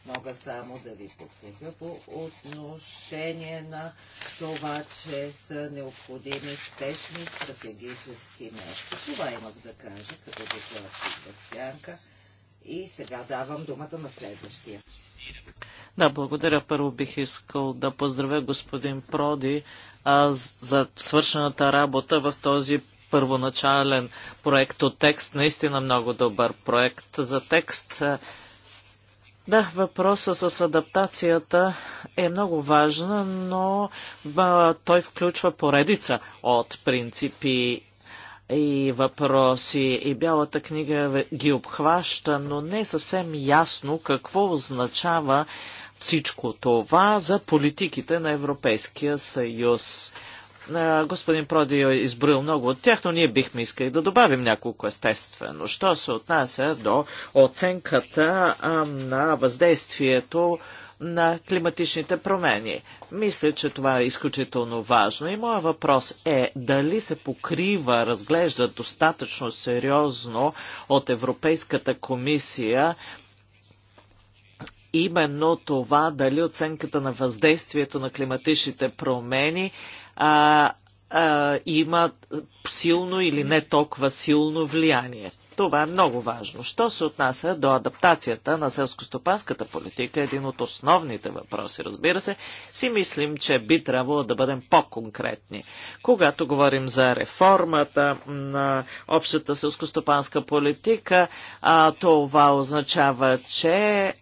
A: мога само да ви подкрепя по отношение на това, че са необходими спешни стратегически мерки. Това имах да кажа като докладчик в сянка. И сега давам думата на следващия.
C: Да, благодаря. Първо бих искал да поздравя господин Проди а, за свършената работа в този първоначален проект от текст, наистина много добър проект за текст. Да, въпросът с адаптацията е много важна, но а, той включва поредица от принципи и въпроси. И Бялата книга ги обхваща, но не е съвсем ясно какво означава всичко това за политиките на Европейския съюз господин Продио е изброил много от тях, но ние бихме искали да добавим няколко естествено. Що се отнася до оценката на въздействието на климатичните промени. Мисля, че това е изключително важно и моят въпрос е дали се покрива, разглежда достатъчно сериозно от Европейската комисия именно това дали оценката на въздействието на климатичните промени а, а, има силно или не толкова силно влияние. Това е много важно. Що се отнася до адаптацията на селскостопанската политика, един от основните въпроси, разбира се, си мислим, че би трябвало да бъдем по-конкретни. Когато говорим за реформата на общата селскостопанска политика, това означава, че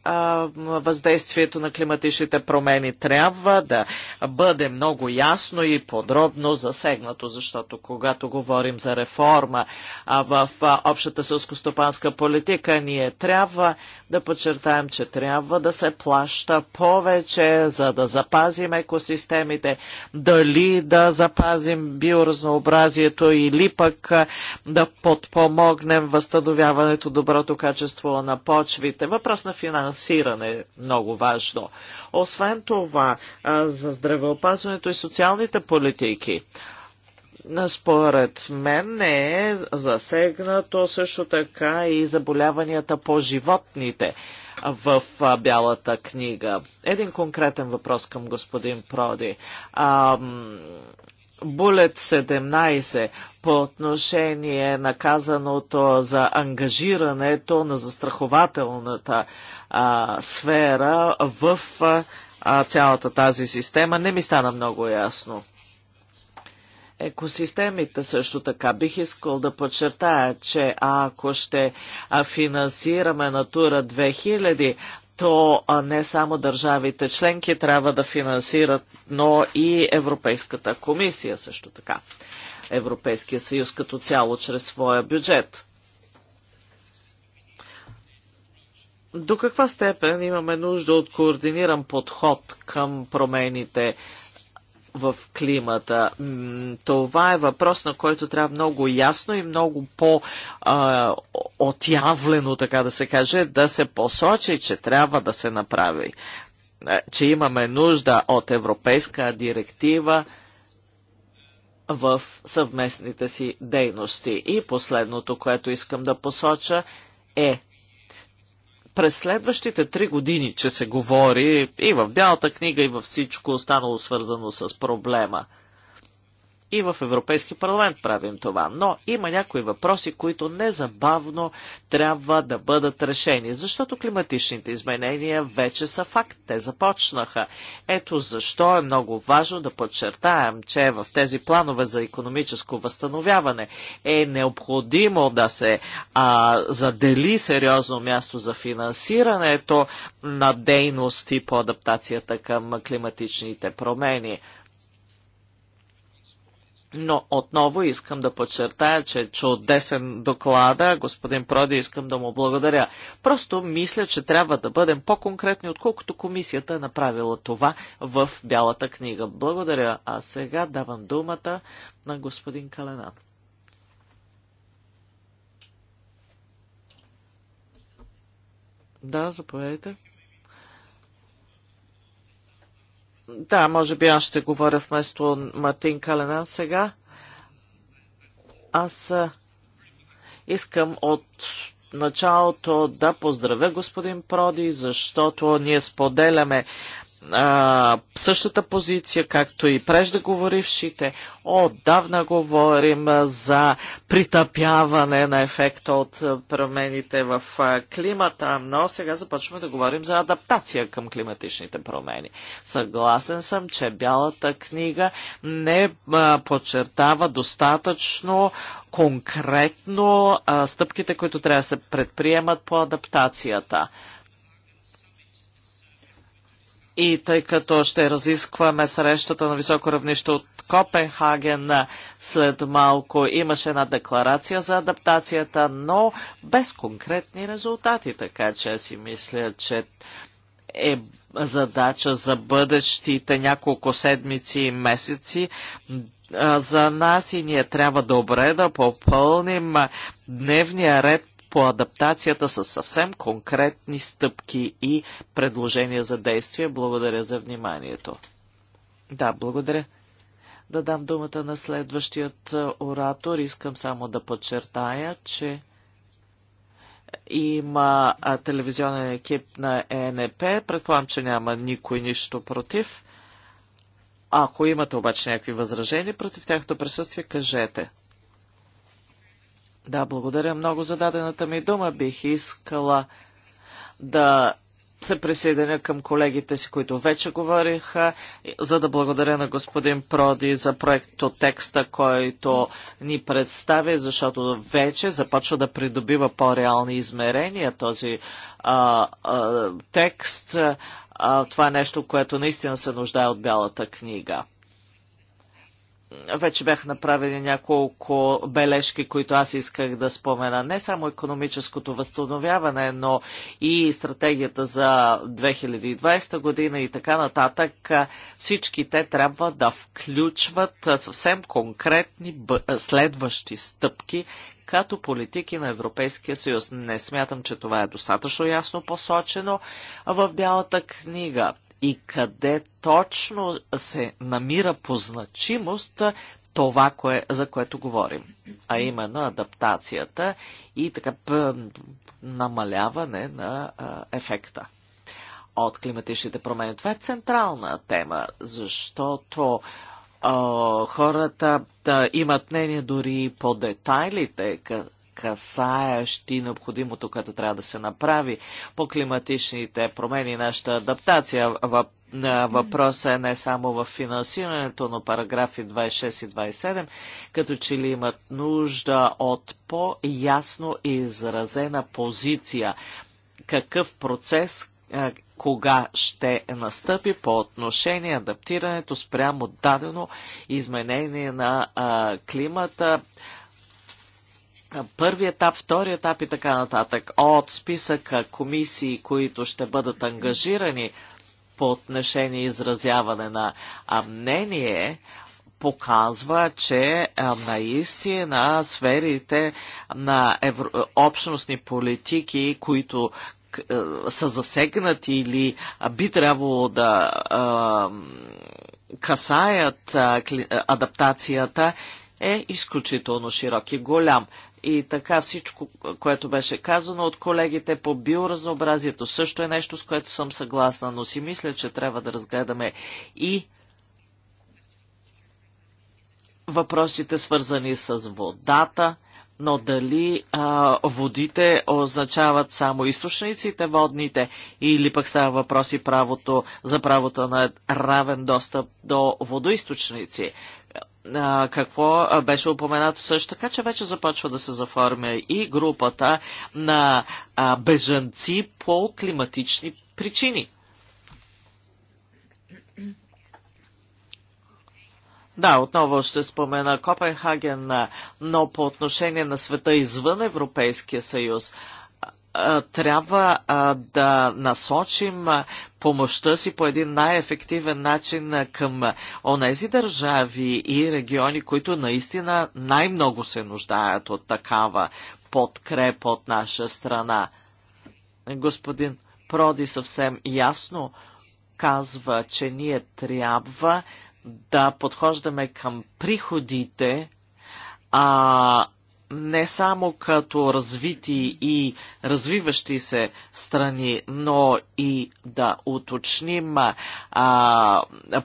C: въздействието на климатичните промени трябва да бъде много ясно и подробно засегнато, защото когато говорим за реформа в общата общата селско-стопанска политика, ние трябва да подчертаем, че трябва да се плаща повече, за да запазим екосистемите, дали да запазим биоразнообразието или пък да подпомогнем възстановяването доброто качество на почвите. Въпрос на финансиране е много важно. Освен това, за здравеопазването и социалните политики – според мен е засегнато също така и заболяванията по животните в Бялата книга. Един конкретен въпрос към господин Проди. Булет 17 по отношение на казаното за ангажирането на застрахователната а, сфера в а, цялата тази система не ми стана много ясно екосистемите също така. Бих искал да подчертая, че ако ще финансираме Натура 2000, то не само държавите членки трябва да финансират, но и Европейската комисия също така. Европейския съюз като цяло чрез своя бюджет. До каква степен имаме нужда от координиран подход към промените в климата. Това е въпрос, на който трябва много ясно и много по-отявлено, така да се каже, да се посочи, че трябва да се направи. Е, че имаме нужда от европейска директива в съвместните си дейности. И последното, което искам да посоча е през следващите три години, че се говори и в Бялата книга, и във всичко останало свързано с проблема – и в Европейски парламент правим това. Но има някои въпроси, които незабавно трябва да бъдат решени, защото климатичните изменения вече са факт. Те започнаха. Ето защо е много важно да подчертаем, че в тези планове за економическо възстановяване е необходимо да се а, задели сериозно място за финансирането на дейности по адаптацията към климатичните промени. Но отново искам да подчертая, че чудесен доклада, господин Проди, искам да му благодаря. Просто мисля, че трябва да бъдем по-конкретни, отколкото комисията е направила това в Бялата книга. Благодаря. А сега давам думата на господин Каленан. Да, заповядайте. Да, може би аз ще говоря вместо Мартин Калена сега. Аз искам от началото да поздравя господин Проди, защото ние споделяме а, същата позиция, както и преждеговорившите. Отдавна говорим за притъпяване на ефекта от промените в климата, но сега започваме да говорим за адаптация към климатичните промени. Съгласен съм, че Бялата книга не а, подчертава достатъчно конкретно а, стъпките, които трябва да се предприемат по адаптацията. И тъй като ще разискваме срещата на високо равнище от Копенхаген след малко, имаше една декларация за адаптацията, но без конкретни резултати, така че си мисля, че е задача за бъдещите няколко седмици и месеци за нас и ние трябва добре да попълним дневния ред по адаптацията с съвсем конкретни стъпки и предложения за действие. Благодаря за вниманието. Да, благодаря. Да дам думата на следващият е, оратор. Искам само да подчертая, че има е, телевизионен екип на ЕНП. Предполагам, че няма никой нищо против. Ако имате обаче някакви възражения против тяхното присъствие, кажете. Да, благодаря много за дадената ми дума. Бих искала да се присъединя към колегите си, които вече говориха, за да благодаря на господин Проди за проекто текста, който ни представи, защото вече започва да придобива по-реални измерения този а, а, текст. А, това е нещо, което наистина се нуждае от бялата книга вече бях направили няколко бележки, които аз исках да спомена. Не само економическото възстановяване, но и стратегията за 2020 година и така нататък. Всички те трябва да включват съвсем конкретни следващи стъпки като политики на Европейския съюз. Не смятам, че това е достатъчно ясно посочено в Бялата книга и къде точно се намира по значимост това, кое, за което говорим, а именно адаптацията и така намаляване на а, ефекта от климатичните промени. Това е централна тема, защото а, хората да имат мнение дори по детайлите къ, касаещи необходимото, което трябва да се направи по климатичните промени, нашата адаптация. Въпросът е не само в финансирането, но параграфи 26 и 27, като че ли имат нужда от по-ясно изразена позиция. Какъв процес, кога ще настъпи по отношение адаптирането спрямо дадено изменение на климата, първи етап, втори етап и така нататък. От списъка комисии, които ще бъдат ангажирани по отношение изразяване на мнение, показва, че наистина сферите на евро... общностни политики, които са засегнати или би трябвало да а, касаят адаптацията, е изключително широк и голям. И така всичко, което беше казано от колегите по биоразнообразието също е нещо, с което съм съгласна, но си мисля, че трябва да разгледаме и въпросите свързани с водата, но дали а, водите означават само източниците водните или пък става въпроси правото, за правото на равен достъп до водоисточници а, какво беше упоменато също така, че вече започва да се заформя и групата на а, бежанци по климатични причини. Да, отново ще спомена Копенхаген, но по отношение на света извън Европейския съюз – трябва а, да насочим помощта си по един най-ефективен начин към онези държави и региони, които наистина най-много се нуждаят от такава подкрепа от наша страна. Господин Проди съвсем ясно казва, че ние трябва да подхождаме към приходите, а не само като развити и развиващи се страни, но и да уточним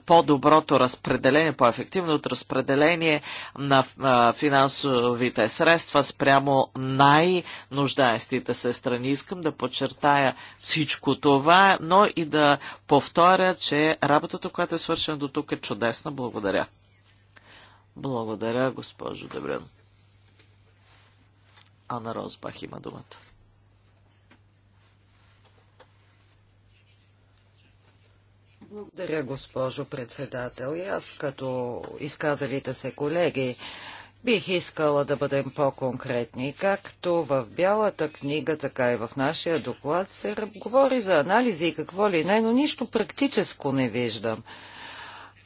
C: по-доброто разпределение, по-ефективното разпределение на а, финансовите средства спрямо най-нуждаещите се страни. Искам да подчертая всичко това, но и да повторя, че работата, която е свършена до тук е чудесна. Благодаря. Благодаря, госпожо Дебрено. Ана Розбах има думата.
A: Благодаря,
C: госпожо
A: председател. И аз, като изказалите се колеги, бих искала да бъдем по-конкретни. Както в Бялата книга, така и в нашия доклад се говори за анализи и какво ли не, но нищо практическо не виждам.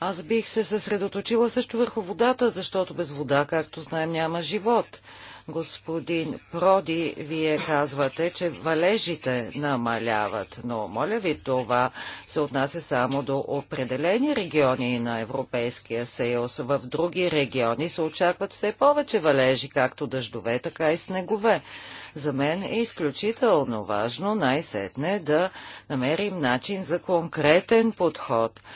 A: Аз бих се съсредоточила също върху водата, защото без вода, както знаем, няма живот. Господин Проди, вие казвате, че валежите намаляват, но моля ви това се отнася само до определени региони на Европейския съюз. В други региони се очакват все повече валежи, както дъждове, така и снегове. За мен е изключително важно най-сетне да намерим начин за конкретен подход –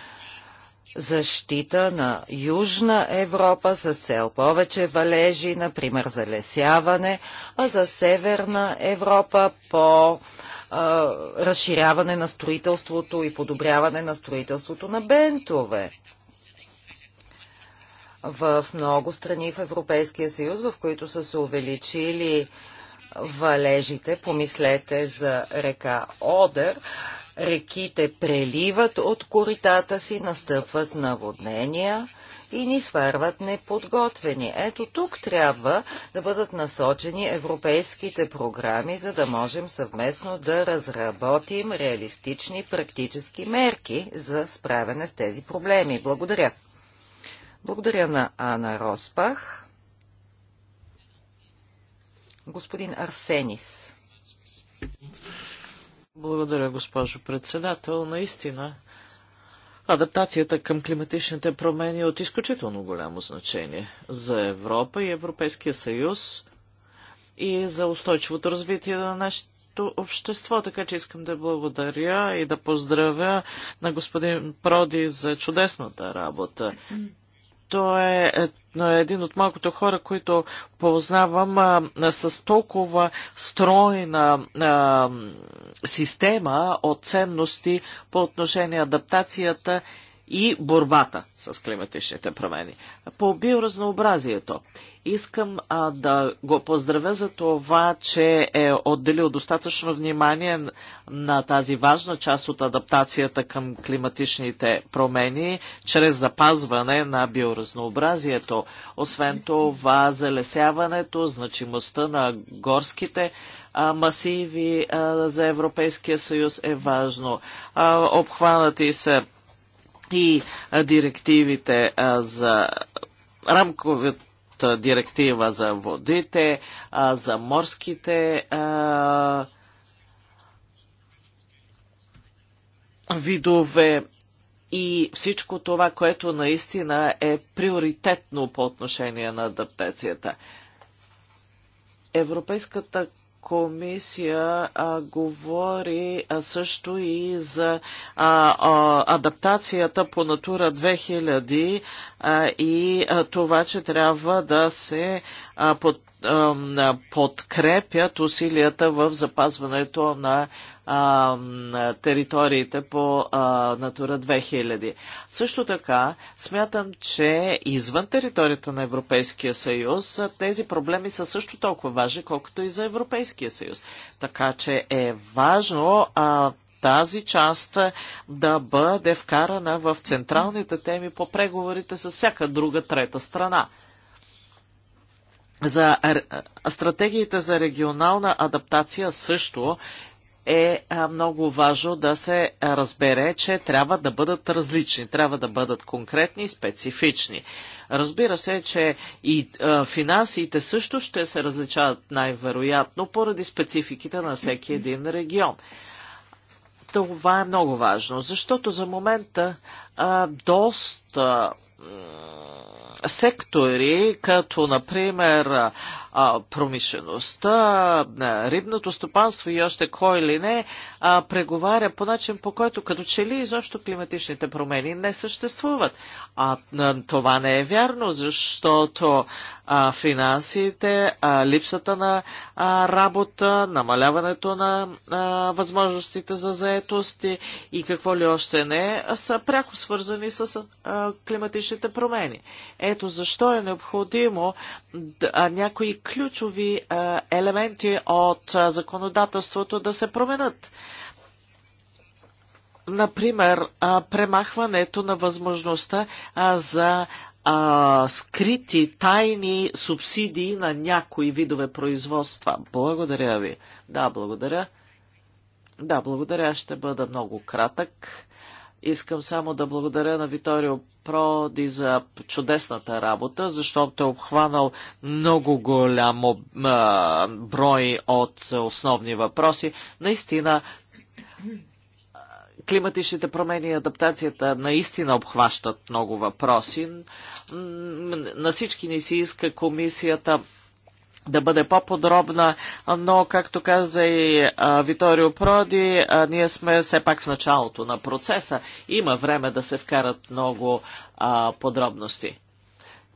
A: защита на Южна Европа с цел повече валежи, например залесяване, а за Северна Европа по а, разширяване на строителството и подобряване на строителството на бентове. В много страни в Европейския съюз, в които са се увеличили валежите, помислете за река Одер, Реките преливат от коритата си, настъпват наводнения и ни сварват неподготвени. Ето тук трябва да бъдат насочени европейските програми, за да можем съвместно да разработим реалистични практически мерки за справяне с тези проблеми. Благодаря. Благодаря на Ана Роспах. Господин Арсенис.
C: Благодаря, госпожо председател. Наистина, адаптацията към климатичните промени е от изключително голямо значение за Европа и Европейския съюз и за устойчивото развитие на нашето общество. Така че искам да благодаря и да поздравя на господин Проди за чудесната работа който е, е, е един от малкото хора, които познавам а, с толкова стройна а, система от ценности по отношение адаптацията и борбата с климатичните промени. По биоразнообразието. Искам а, да го поздравя за това, че е отделил достатъчно внимание на тази важна част от адаптацията към климатичните промени, чрез запазване на биоразнообразието. Освен това, залесяването, значимостта на горските а, масиви а, за Европейския съюз е важно. А, обхванати са и директивите за рамковите директива за водите, за морските видове и всичко това, което наистина е приоритетно по отношение на адаптацията. Европейската комисия а, говори а, също и за а, а, адаптацията по Натура 2000 а, и а, това, че трябва да се а, под подкрепят усилията в запазването на, териториите по Натура 2000. Също така, смятам, че извън територията на Европейския съюз тези проблеми са също толкова важни, колкото и за Европейския съюз. Така че е важно тази част да бъде вкарана в централните теми по преговорите с всяка друга трета страна за стратегията за регионална адаптация също е много важно да се разбере, че трябва да бъдат различни, трябва да бъдат конкретни, и специфични. Разбира се, че и финансите също ще се различават най-вероятно поради спецификите на всеки един регион. Това е много важно, защото за момента доста сектори, като например промишлеността, рибното стопанство и още кой ли не, а, преговаря по начин, по който като че ли изобщо климатичните промени не съществуват. А, а това не е вярно, защото а, финансите, а, липсата на а, работа, намаляването на а, възможностите за заетости и какво ли още не, са пряко свързани с а, климатичните промени. Ето защо е необходимо да, а, някои ключови е, елементи от е, законодателството да се променят. Например, е, премахването на възможността за скрити, тайни субсидии на някои видове производства. Благодаря ви. Да, благодаря. Да, благодаря. Ще бъда много кратък. Искам само да благодаря на Виторио Проди за чудесната работа, защото е обхванал много голям брой от основни въпроси. Наистина, климатичните промени и адаптацията наистина обхващат много въпроси. На всички ни си иска комисията да бъде по-подробна, но както каза и а, Виторио Проди, а, ние сме все пак в началото на процеса. Има време да се вкарат много а, подробности.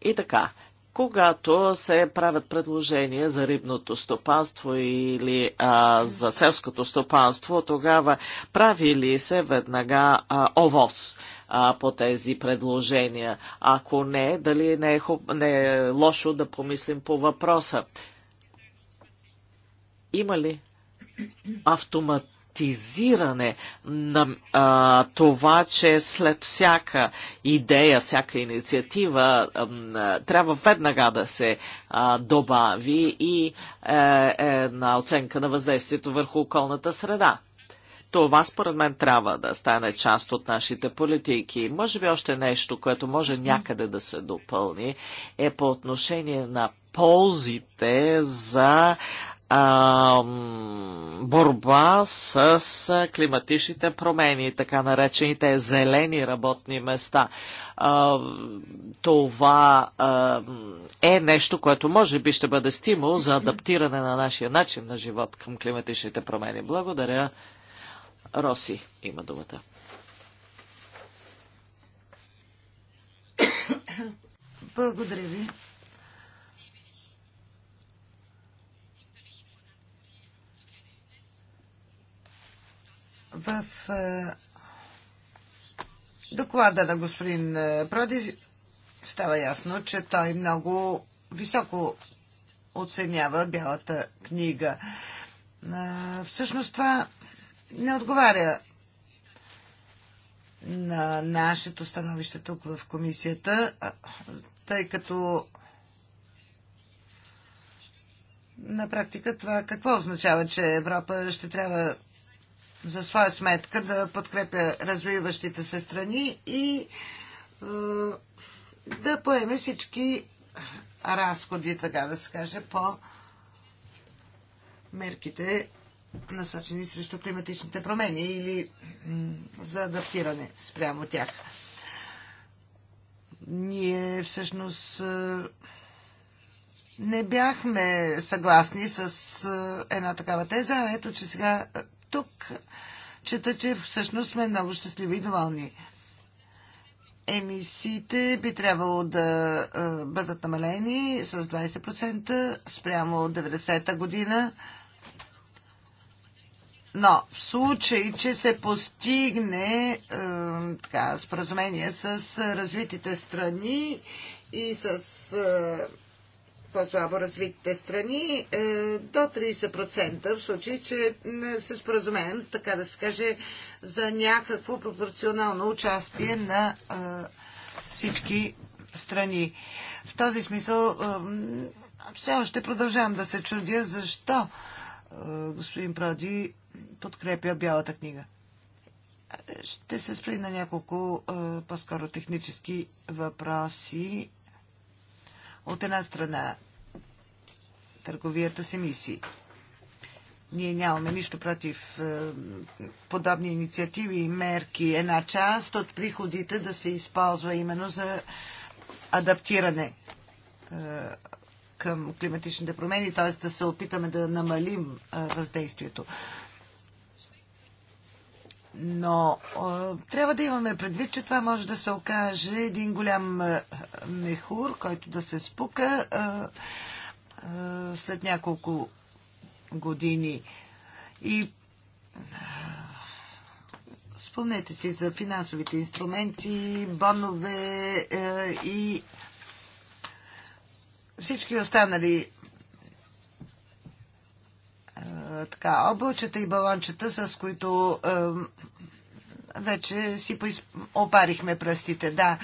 C: И така, когато се правят предложения за рибното стопанство или а, за селското стопанство, тогава прави ли се веднага а, ОВОз? а, по тези предложения. Ако не, дали не е, хуб, не е лошо да помислим по въпроса. Има ли автоматизиране на а, това, че след всяка идея, всяка инициатива а, трябва веднага да се а, добави и е, е на оценка на въздействието върху околната среда. Това според мен трябва да стане част от нашите политики. Може би още нещо, което може някъде да се допълни, е по отношение на ползите за а, борба с климатичните промени, така наречените зелени работни места. А, това а, е нещо, което може би ще бъде стимул за адаптиране на нашия начин на живот към климатичните промени. Благодаря. Роси има думата.
B: Благодаря ви. В е, доклада на господин е, Проди става ясно, че той много високо оценява Бялата книга. Е, всъщност това не отговаря на нашето становище тук в комисията, тъй като на практика това какво означава, че Европа ще трябва за своя сметка да подкрепя развиващите се страни и е, да поеме всички разходи, така да се каже, по мерките насочени срещу климатичните промени или за адаптиране спрямо тях. Ние всъщност е, не бяхме съгласни с е, една такава теза, ето че сега е, тук чета, че всъщност сме много щастливи и доволни. Емисиите би трябвало да бъдат намалени с 20% спрямо 90-та година. Но в случай, че се постигне е, така, споразумение с развитите страни и с е, по-слабо развитите страни е, до 30%, в случай, че не се споразумеем, така да се каже, за някакво пропорционално участие на е, всички страни. В този смисъл е, все още продължавам да се чудя защо е, господин Проди подкрепя Бялата книга. Ще се спри на няколко по-скоро технически въпроси. От една страна, търговията с емисии. Ние нямаме нищо против подобни инициативи и мерки. Една част от приходите да се използва именно за адаптиране към климатичните промени, т.е. да се опитаме да намалим въздействието но а, трябва да имаме предвид, че това може да се окаже един голям а, мехур, който да се спука а, а, след няколко години. И а, спомнете си за финансовите инструменти, бонове а, и всички останали така, облачета и балончета, с които е, вече си поис... опарихме пръстите. Да,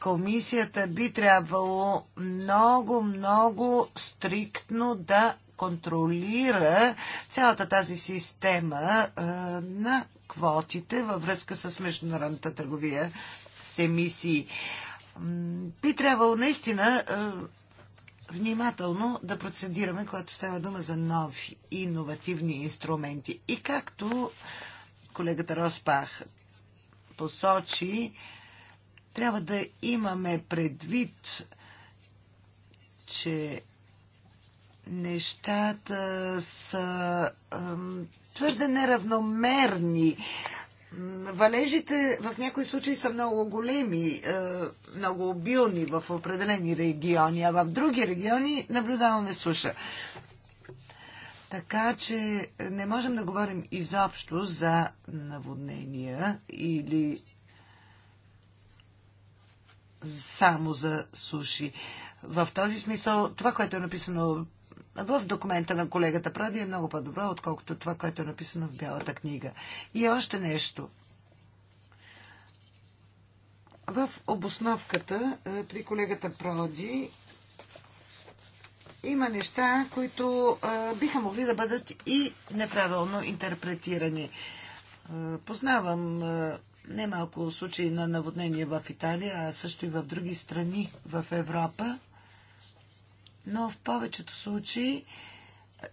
B: комисията би трябвало много, много стриктно да контролира цялата тази система е, на квотите във връзка с международната търговия с емисии. Би трябвало наистина е, внимателно да процедираме, когато става дума за нови иновативни инструменти. И както колегата Роспах посочи, трябва да имаме предвид, че нещата са твърде неравномерни Валежите в някои случаи са много големи, е, много обилни в определени региони, а в други региони наблюдаваме суша. Така че не можем да говорим изобщо за наводнения или само за суши. В този смисъл, това, което е написано в документа на колегата Пради е много по-добро, отколкото това, което е написано в Бялата книга. И още нещо. В обосновката е, при колегата Проди има неща, които а, е, биха могли да бъдат и неправилно интерпретирани. А, е, познавам а, немалко случаи на наводнение в Италия, а също и в други страни в Европа, но в повечето случаи,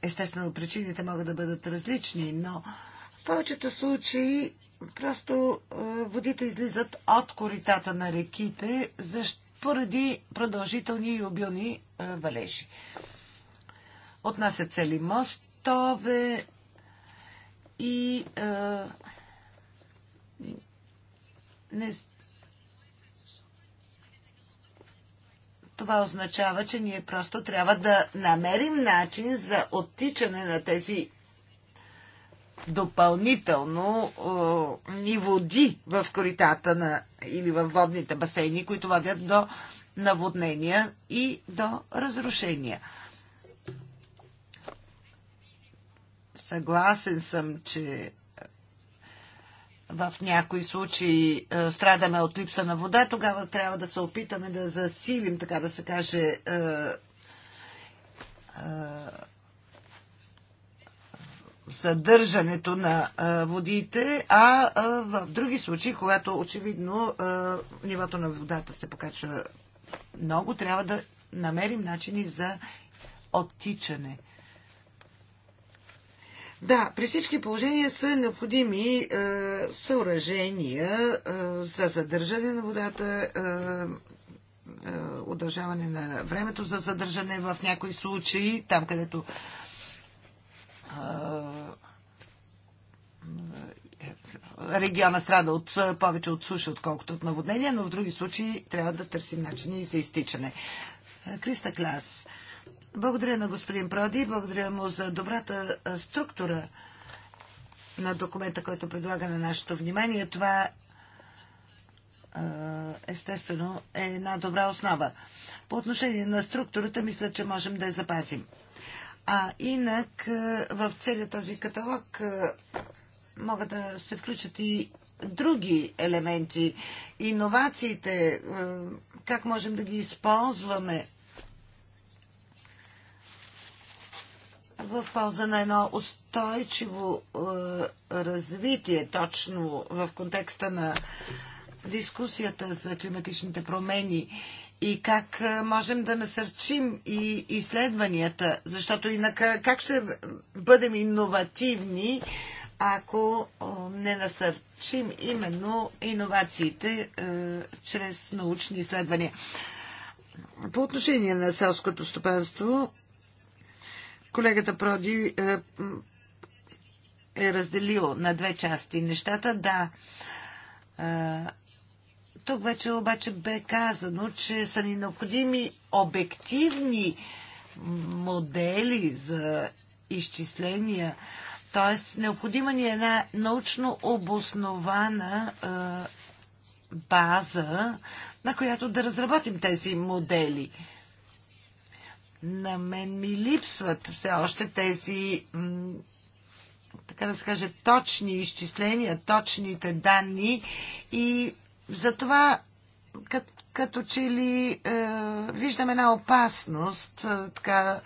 B: естествено причините могат да бъдат различни, но в повечето случаи просто водите излизат от коритата на реките защото поради продължителни и обилни валежи. Отнасят цели мостове и не Това означава, че ние просто трябва да намерим начин за оттичане на тези допълнително е, ни води в коритата на, или в водните басейни, които водят до наводнения и до разрушения. Съгласен съм, че в някои случаи е, страдаме от липса на вода, тогава трябва да се опитаме да засилим, така да се каже, съдържането е, е, на водите, а в други случаи, когато очевидно нивото на водата се покачва много, трябва да намерим начини за оттичане. Да, при всички положения са необходими е, съоръжения е, за задържане на водата, е, е, удължаване на времето за задържане в някои случаи, там където е, е региона страда от, е, повече от суша, отколкото от наводнение, но в други случаи трябва да търсим начини за изтичане. Е, Криста Клас. Е, благодаря на господин Проди, благодаря му за добрата структура на документа, който предлага на нашето внимание. Това естествено е една добра основа. По отношение на структурата, мисля, че можем да я запазим. А инак в целият този каталог могат да се включат и други елементи. Иновациите, как можем да ги използваме в полза на едно устойчиво е, развитие, точно в контекста на дискусията за климатичните промени и как е, можем да насърчим и изследванията, защото инака как ще бъдем иновативни, ако е, не насърчим именно иновациите е, чрез научни изследвания. По отношение на селското стопанство, Колегата Проди е, е разделил на две части нещата. Да, е, тук вече обаче бе казано, че са ни необходими обективни модели за изчисления. Тоест, необходима ни е една научно обоснована е, база, на която да разработим тези модели на мен ми липсват все още тези, така да се каже, точни изчисления, точните данни и затова като, като че ли е, виждам една опасност, е, така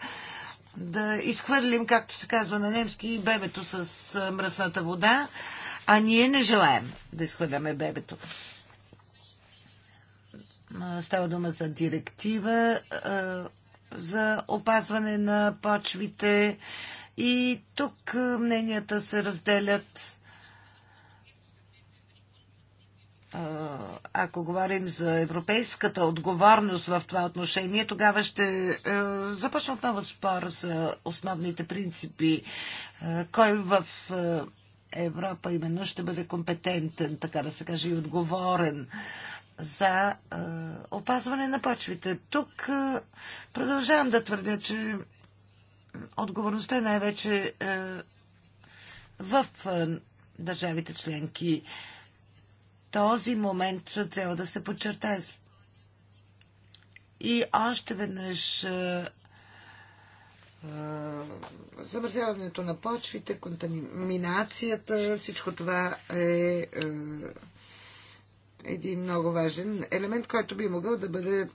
B: да изхвърлим, както се казва на немски, бебето с е, мръсната вода, а ние не желаем да изхвърляме бебето. Е, става дума за директива. Е, за опазване на почвите. И тук мненията се разделят. Ако говорим за европейската отговорност в това отношение, тогава ще започна отново спор за основните принципи. Кой в Европа именно ще бъде компетентен, така да се каже, и отговорен за е, опазване на почвите. Тук е, продължавам да твърдя, че отговорността е най-вече е, в е, държавите членки. Този момент трябва да се подчертае. И още веднъж е, замързяването на почвите, контаминацията, всичко това е, е един много важен елемент, който би могъл да бъде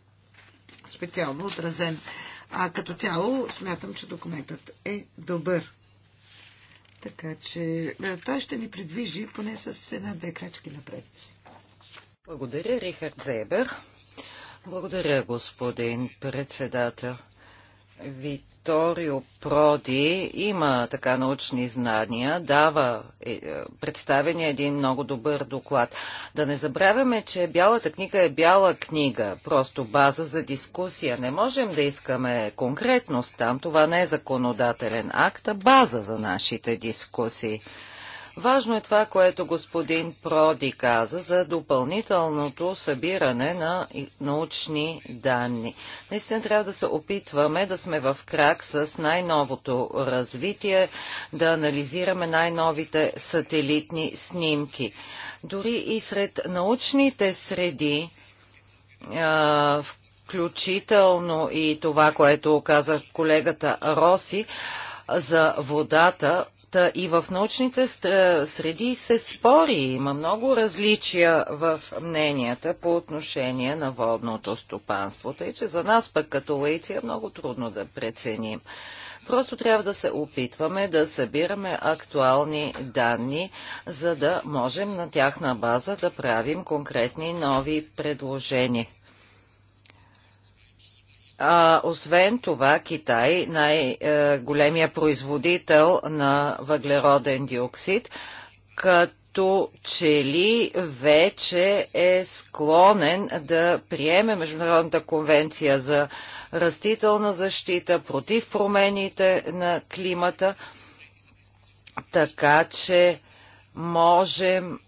B: специално отразен. А като цяло смятам, че документът е добър. Така че е, той ще ни придвижи поне с една-две крачки напред.
A: Благодаря, Рихард Зебер. Благодаря, господин председател. Вит Викторио Проди има така научни знания, дава е, е един много добър доклад. Да не забравяме, че бялата книга е бяла книга, просто база за дискусия. Не можем да искаме конкретност там, това не е законодателен акт, а база за нашите дискусии. Важно е това, което господин Проди каза за допълнителното събиране на научни данни. Наистина трябва да се опитваме да сме в крак с най-новото развитие, да анализираме най-новите сателитни снимки. Дори и сред научните среди, включително и това, което каза колегата Роси, за водата, Та и в научните среди се спори, има много различия в мненията по отношение на водното стопанство, тъй че за нас пък като лейци е много трудно да преценим. Просто трябва да се опитваме да събираме актуални данни, за да можем на тяхна база да правим конкретни нови предложения. А, освен това, Китай, най-големия производител на въглероден диоксид, като че ли вече е склонен да приеме Международната конвенция за растителна защита против промените на климата, така че можем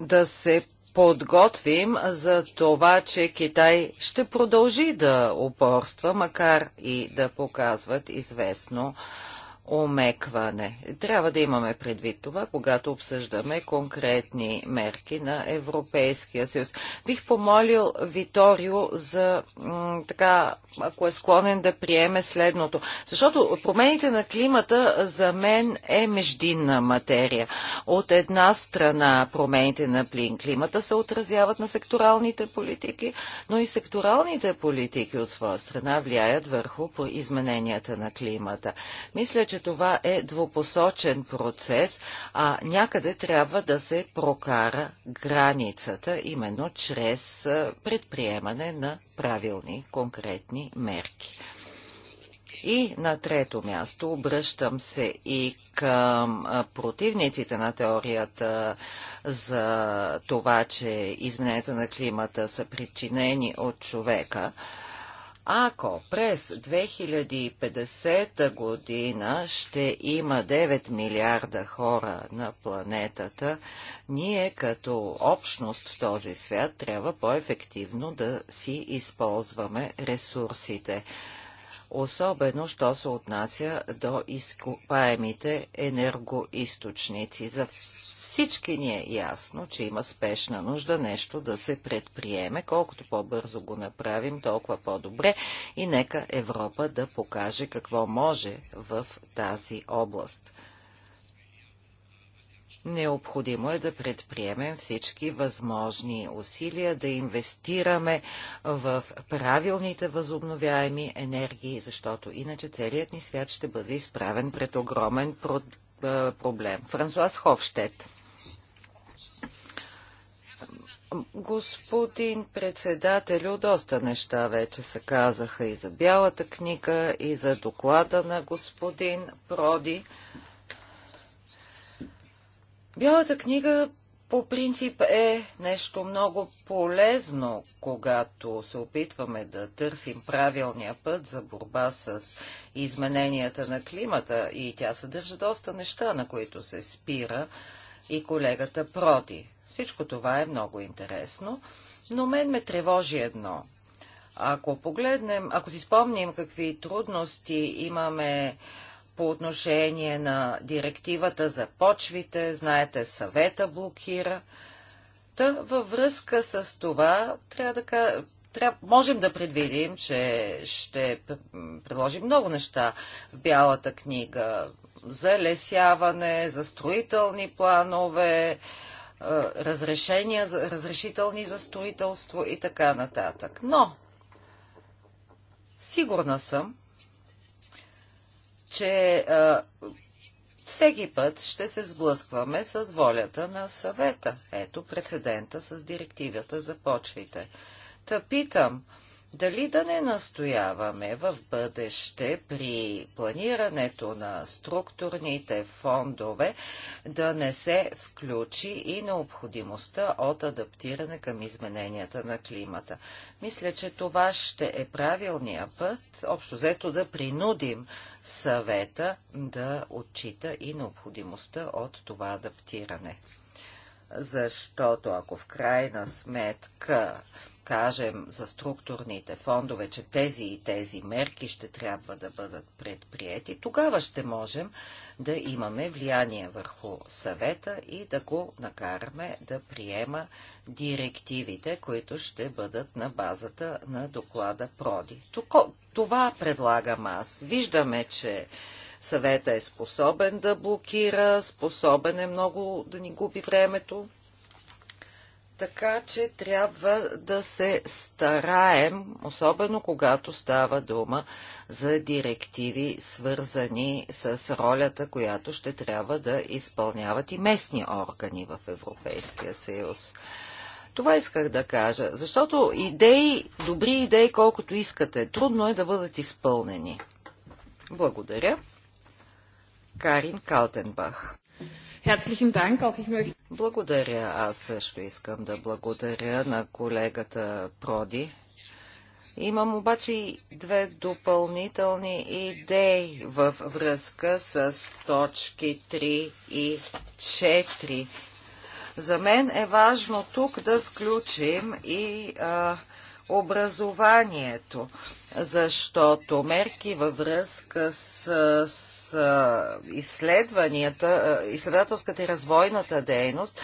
A: да се подготвим за това, че Китай ще продължи да упорства, макар и да показват известно омекване. Трябва да имаме предвид това, когато обсъждаме конкретни мерки на Европейския съюз. Бих помолил Виторио за така, ако е склонен да приеме следното. Защото промените на климата за мен е междинна материя. От една страна промените на климата се отразяват на секторалните политики, но и секторалните политики от своя страна влияят върху измененията на климата. Мисля, че че това е двупосочен процес, а някъде трябва да се прокара границата, именно чрез предприемане на правилни конкретни мерки. И на трето място обръщам се и към противниците на теорията за това, че измененията на климата са причинени от човека. Ако през 2050 година ще има 9 милиарда хора на планетата, ние като общност в този свят трябва по-ефективно да си използваме ресурсите. Особено, що се отнася до изкопаемите енергоисточници. За всички ни е ясно, че има спешна нужда нещо да се предприеме. Колкото по-бързо го направим, толкова по-добре. И нека Европа да покаже какво може в тази област. Необходимо е да предприемем всички възможни усилия, да инвестираме в правилните възобновяеми енергии, защото иначе целият ни свят ще бъде изправен пред огромен проблем. Франсуаз Ховштет. Господин председателю, доста неща вече се казаха и за Бялата книга, и за доклада на господин Проди. Бялата книга по принцип е нещо много полезно, когато се опитваме да търсим правилния път за борба с измененията на климата и тя съдържа доста неща, на които се спира и колегата Проди. Всичко това е много интересно, но мен ме тревожи едно. Ако погледнем, ако си спомним какви трудности имаме по отношение на директивата за почвите, знаете, съвета блокира. Та във връзка с това трябва да кажа, трябва, можем да предвидим, че ще предложим много неща в Бялата книга, залесяване, за строителни планове, е, разрешения, разрешителни за строителство и така нататък. Но, сигурна съм, че е, всеки път ще се сблъскваме с волята на съвета. Ето прецедента с директивата за Та питам, дали да не настояваме в бъдеще при планирането на структурните фондове да не се включи и необходимостта от адаптиране към измененията на климата? Мисля, че това ще е правилния път, общо взето да принудим съвета да отчита и необходимостта от това адаптиране защото ако в крайна сметка кажем за структурните фондове, че тези и тези мерки ще трябва да бъдат предприяти, тогава ще можем да имаме влияние върху съвета и да го накараме да приема директивите, които ще бъдат на базата на доклада Проди. Това предлагам аз. Виждаме, че Съвета е способен да блокира, способен е много да ни губи времето. Така че трябва да се стараем, особено когато става дума за директиви, свързани с ролята, която ще трябва да изпълняват и местни органи в Европейския съюз. Това исках да кажа, защото идеи, добри идеи, колкото искате, трудно е да бъдат изпълнени. Благодаря. Карин Калтенбах. Благодаря. Аз също искам да благодаря на колегата Проди. Имам обаче и две допълнителни идеи в връзка с точки 3 и 4. За мен е важно тук да включим и а, образованието, защото мерки във връзка с, с изследванията, изследователската и развойната дейност,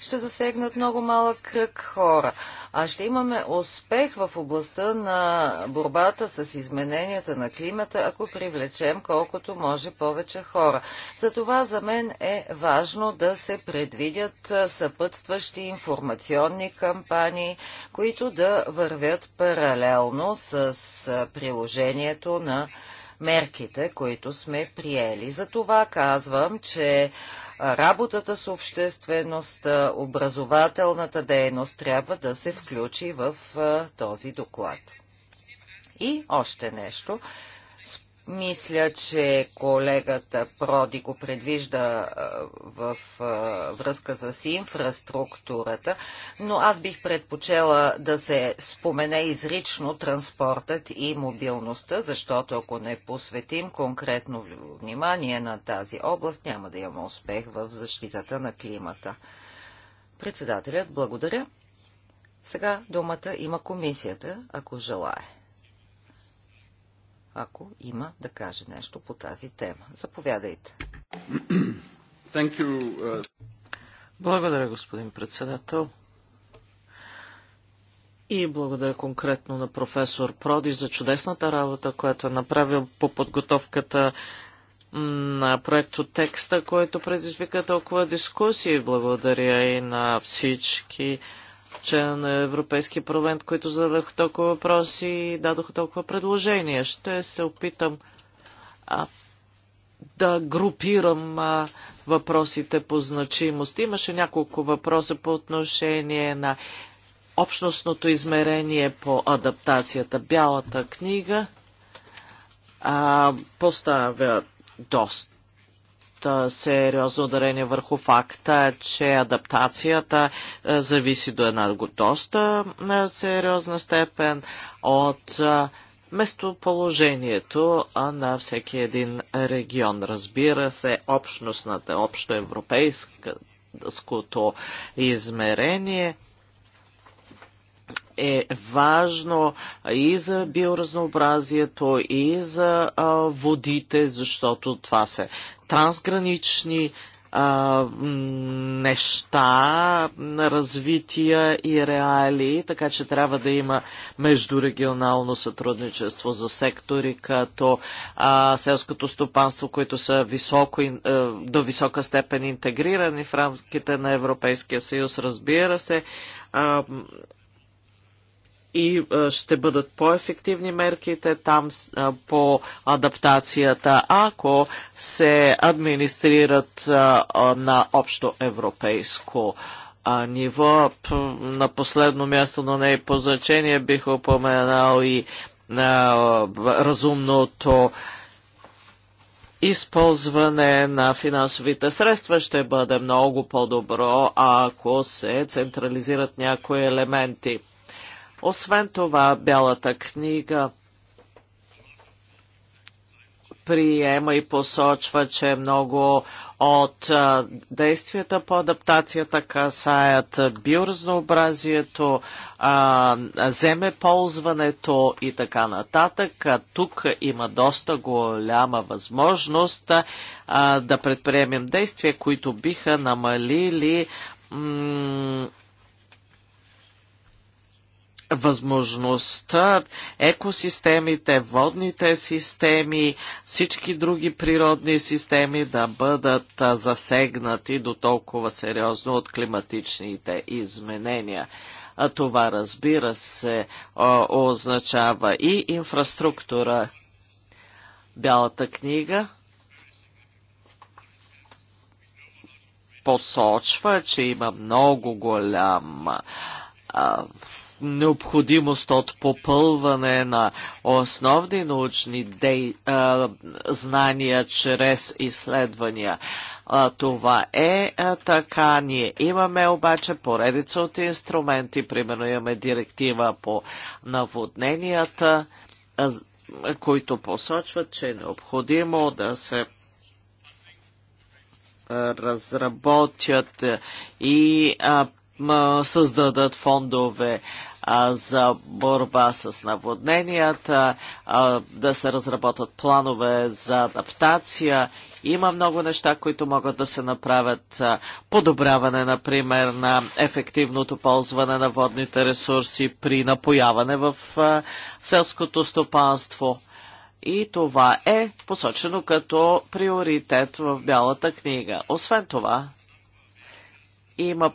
A: ще засегнат много малък кръг хора. А ще имаме успех в областта на борбата с измененията на климата, ако привлечем колкото може повече хора. Затова за мен е важно да се предвидят съпътстващи информационни кампании, които да вървят паралелно с приложението на мерките, които сме приели. За това казвам, че работата с обществеността, образователната дейност трябва да се включи в този доклад. И още нещо. Мисля, че колегата Проди го предвижда в връзка с инфраструктурата, но аз бих предпочела да се спомене изрично транспортът и мобилността, защото ако не посветим конкретно внимание на тази област, няма да има успех в защитата на климата. Председателят, благодаря. Сега думата има комисията, ако желая ако има да каже нещо по тази тема. Заповядайте.
C: Uh, благодаря, господин председател. И благодаря конкретно на професор Проди за чудесната работа, която е направил по подготовката на проекто текста, който предизвика толкова дискусии. Благодаря и на всички члена на Европейския парламент, които зададоха толкова въпроси и дадоха толкова предложения. Ще се опитам а, да групирам а, въпросите по значимост. Имаше няколко въпроса по отношение на общностното измерение по адаптацията. Бялата книга а, поставя доста сериозно ударение върху факта, че адаптацията е, зависи до една доста е, сериозна степен от е, местоположението на всеки един регион. Разбира се, общностната, общоевропейското измерение – е важно и за биоразнообразието, и за а, водите, защото това са трансгранични а, неща, развития и реалии, така че трябва да има междурегионално сътрудничество за сектори като а, селското стопанство, които са високо, а, до висока степен интегрирани в рамките на Европейския съюз, разбира се. А, и е, ще бъдат по-ефективни мерките там е, по адаптацията, ако се администрират е, на общо европейско а ниво. На последно място, но не и по значение, бих упоменал и на разумното използване на финансовите средства ще бъде много по-добро, ако се централизират някои елементи. Освен това, Бялата книга приема и посочва, че много от действията по адаптацията касаят биоразнообразието, земеползването и така нататък. Тук има доста голяма възможност да предприемем действия, които биха намалили възможността екосистемите, водните системи, всички други природни системи да бъдат засегнати до толкова сериозно от климатичните изменения. А това, разбира се, означава и инфраструктура. Бялата книга посочва, че има много голям а, необходимост от попълване на основни научни дей, а, знания чрез изследвания. А, това е а, така. Ние имаме обаче поредица от инструменти. Примерно имаме директива по наводненията, а, които посочват, че е необходимо да се разработят и а, създадат фондове за борба с наводненията, да се разработят планове за адаптация. Има много неща, които могат да се направят. Подобряване, например, на ефективното ползване на водните ресурси при напояване в селското стопанство. И това е посочено като приоритет в Бялата книга. Освен това, има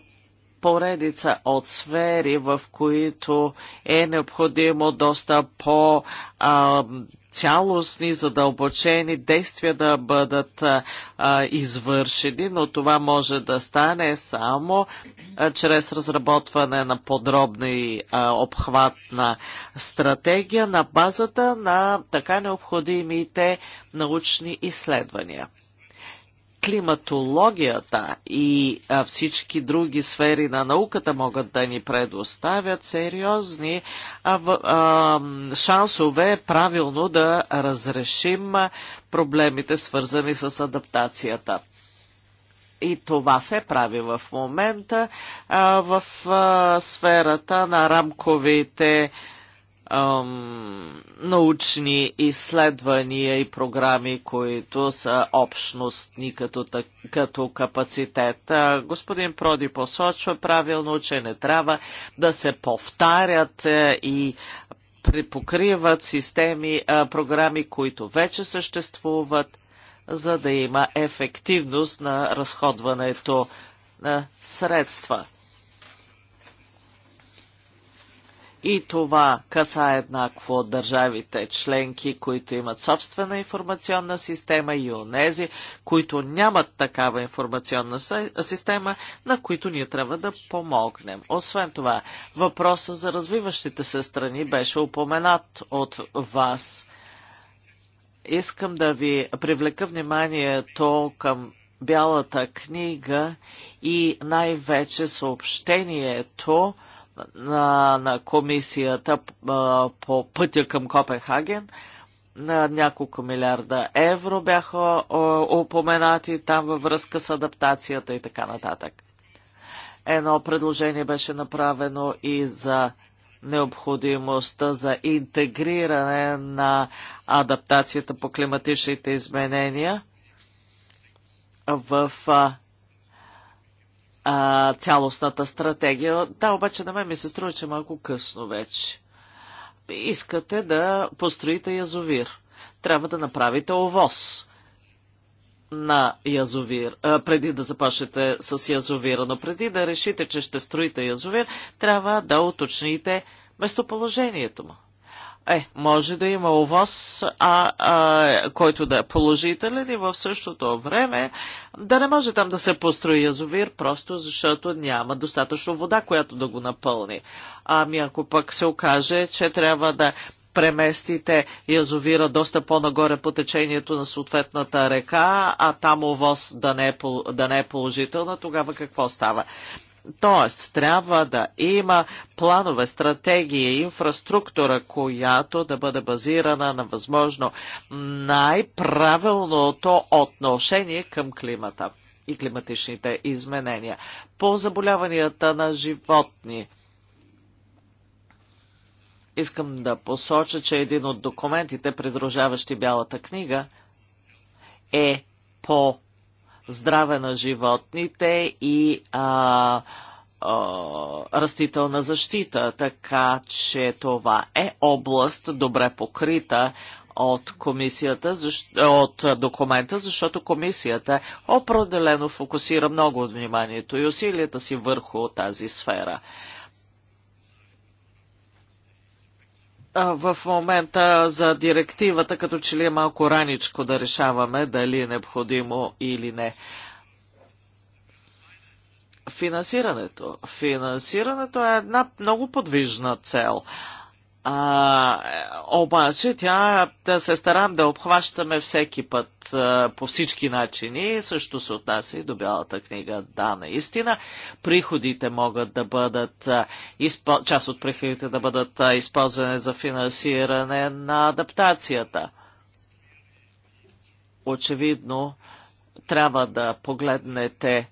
C: поредица от сфери, в които е необходимо доста по- а, цялостни, задълбочени действия да бъдат а, извършени, но това може да стане само а, чрез разработване на подробни а, обхватна стратегия на базата на така необходимите научни изследвания климатологията и всички други сфери на науката могат да ни предоставят сериозни шансове правилно да разрешим проблемите, свързани с адаптацията. И това се прави в момента в сферата на рамковите ам, научни изследвания и програми, които са общностни като, като капацитет. А, господин Проди посочва правилно, че не трябва да се повтарят е, и припокриват системи, а, програми, които вече съществуват, за да има ефективност на разходването на е, средства. И това каса еднакво държавите членки, които имат собствена информационна система и онези, които нямат такава информационна система, на които ние трябва да помогнем. Освен това, въпросът за развиващите се страни беше упоменат от вас. Искам да ви привлека вниманието към Бялата книга и най-вече съобщението, на, на комисията а, по пътя към Копенхаген. На няколко милиарда евро бяха упоменати там във връзка с адаптацията и така нататък. Едно предложение беше направено и за необходимостта за интегриране на адаптацията по климатичните изменения в а, цялостната стратегия. Да, обаче на мен ми се струва, че малко късно вече. Искате да построите язовир. Трябва да направите овоз на язовир, а, преди да започнете с язовира, но преди да решите, че ще строите язовир, трябва да уточните местоположението му. Е, може да има овоз, а, а, който да е положителен и в същото време да не може там да се построи язовир, просто защото няма достатъчно вода, която да го напълни. Ами ако пък се окаже, че трябва да преместите язовира доста по-нагоре по течението на съответната река, а там овоз да не е, да не е положителна, тогава какво става? Тоест, трябва да има планове, стратегии, инфраструктура, която да бъде базирана на възможно най-правилното отношение към климата и климатичните изменения. По заболяванията на животни – Искам да посоча, че един от документите, придружаващи Бялата книга, е по здраве на животните и а, растителна защита, така че това е област добре покрита от комисията, от документа, защото комисията определено фокусира много от вниманието и усилията си върху тази сфера. в момента за директивата, като че ли е малко раничко да решаваме дали е необходимо или не. Финансирането. Финансирането е една много подвижна цел. А, обаче тя да се старам да обхващаме всеки път а, по всички начини. Също се отнася и до Бялата книга. Да, наистина. Приходите могат да бъдат, а, изпо... част от приходите да бъдат а, използвани за финансиране на адаптацията. Очевидно, трябва да погледнете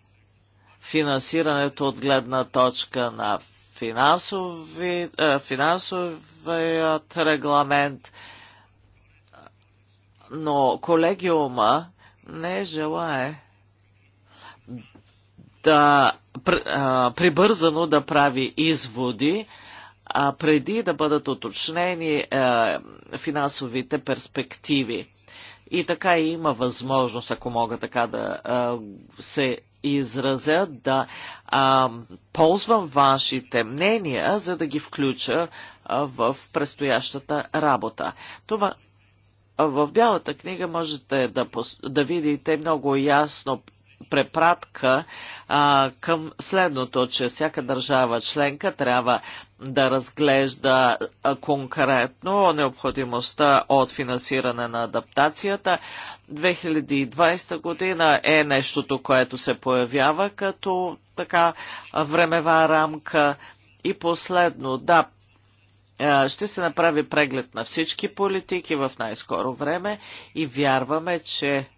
C: финансирането от гледна точка на финансови, а, е, финансовият регламент, но колегиума не желае да е, прибързано да прави изводи, а преди да бъдат уточнени а, е, финансовите перспективи. И така и има възможност, ако мога така да а, се изразя, да а, ползвам вашите мнения, за да ги включа а, в предстоящата работа. Това в Бялата книга можете да, да видите много ясно препратка а, към следното, че всяка държава членка трябва да разглежда конкретно необходимостта от финансиране на адаптацията. 2020 година е нещото, което се появява като така времева рамка. И последно, да, ще се направи преглед на всички политики в най-скоро време и вярваме, че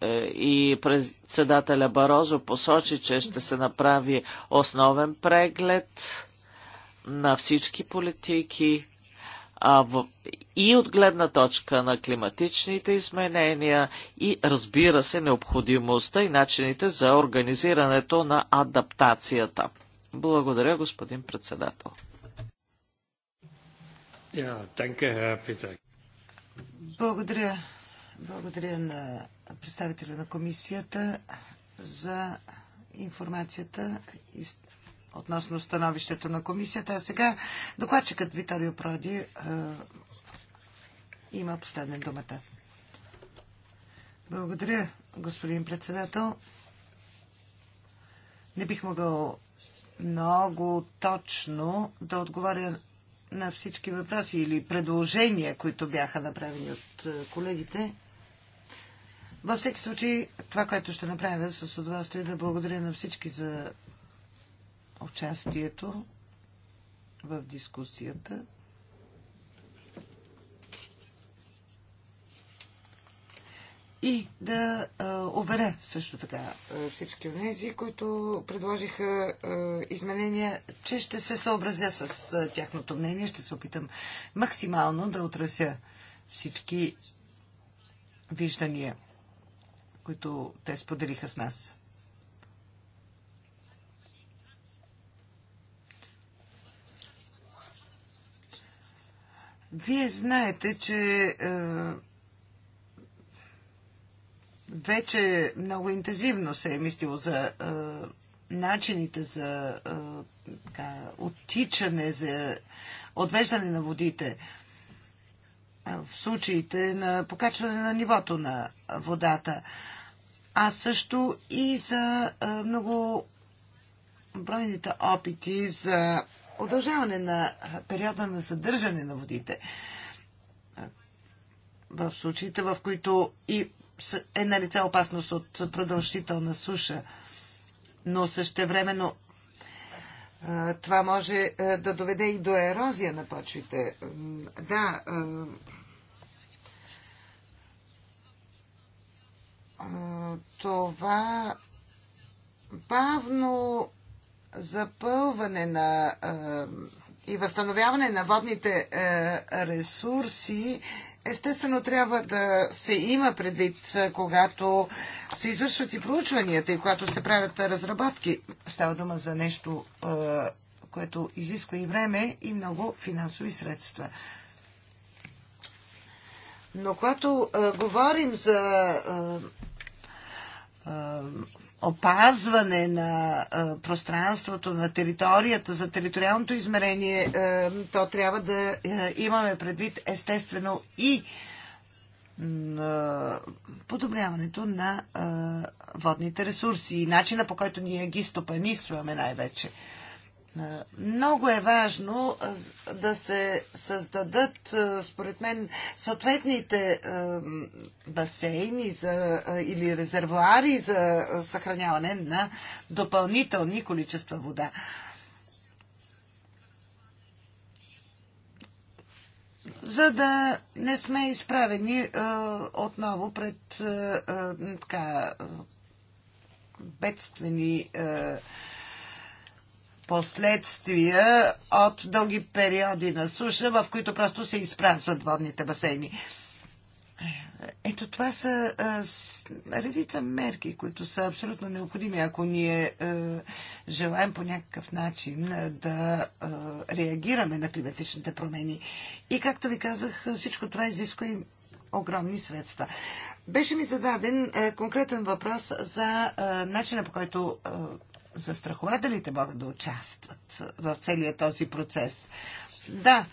C: е, и председателя Барозо посочи, че ще се направи основен преглед на всички политики а, в, и от гледна точка на климатичните изменения и разбира се необходимостта и начините за организирането на адаптацията. Благодаря, господин председател. Yeah, you,
B: Благодаря, благодаря на представителя на комисията за информацията относно становището на комисията. А сега докладчикът Виторио Проди е, има последен думата. Благодаря, господин председател. Не бих могъл много точно да отговаря на всички въпроси или предложения, които бяха направени от е, колегите. Във всеки случай, това, което ще направя е с удоволствие, да благодаря на всички за участието в дискусията. И да а, уверя също така всички от тези, които предложиха а, изменения, че ще се съобразя с а, тяхното мнение. Ще се опитам максимално да отразя всички виждания които те споделиха с нас. Вие знаете, че е, вече много интензивно се е мислило за е, начините за е, така, оттичане, за отвеждане на водите е, в случаите на покачване на нивото на водата. Е, а също и за много бройните опити за удължаване на периода на съдържане на водите. В случаите, в които и е на лице опасност от продължителна суша, но същевременно това може да доведе и до ерозия на почвите. Да, това бавно запълване на и възстановяване на водните ресурси естествено трябва да се има предвид, когато се извършват и проучванията и когато се правят разработки. Става дума за нещо, което изисква и време и много финансови средства. Но когато говорим за опазване на пространството, на територията, за териториалното измерение, то трябва да имаме предвид естествено и подобряването на водните ресурси и начина по който ние ги стопанисваме най-вече. Е, много е важно е, да се създадат, е, според мен, съответните басейни за, или резервуари за съхраняване на допълнителни количества вода. за да не сме изправени отново пред така, бедствени а, последствия от дълги периоди на суша, в които просто се изпразват водните басейни. Ето това са а, редица мерки, които са абсолютно необходими, ако ние а, желаем по някакъв начин а, да а, реагираме на климатичните промени. И както ви казах, всичко това изисква и огромни средства. Беше ми зададен а, конкретен въпрос за а, начина по който а, застрахователите могат да участват в целия този процес. Да,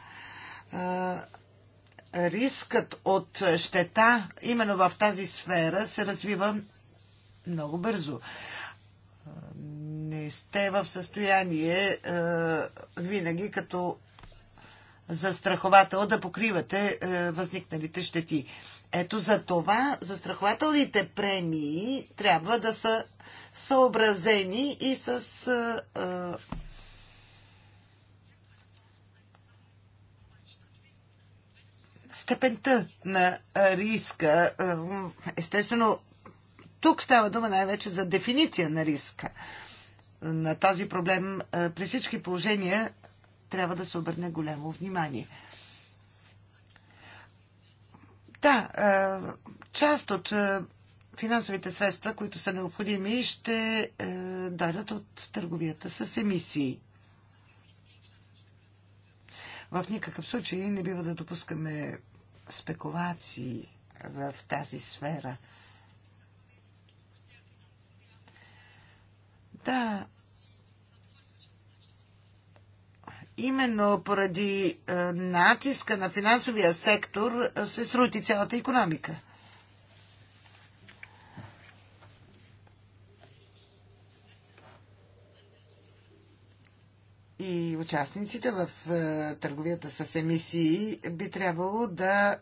B: рискът от щета именно в тази сфера се развива много бързо. Не сте в състояние винаги като застраховател да покривате е, възникналите щети. Ето за това застрахователните премии трябва да са съобразени и с е, е, степента на риска. Естествено, тук става дума най-вече за дефиниция на риска. На този проблем е, при всички положения трябва да се обърне голямо внимание. Да, част от финансовите средства, които са необходими, ще дойдат от търговията с емисии. В никакъв случай не бива да допускаме спекулации в тази сфера. Да, именно поради е, натиска на финансовия сектор е, се срути цялата економика. и участниците в е, търговията с емисии би трябвало да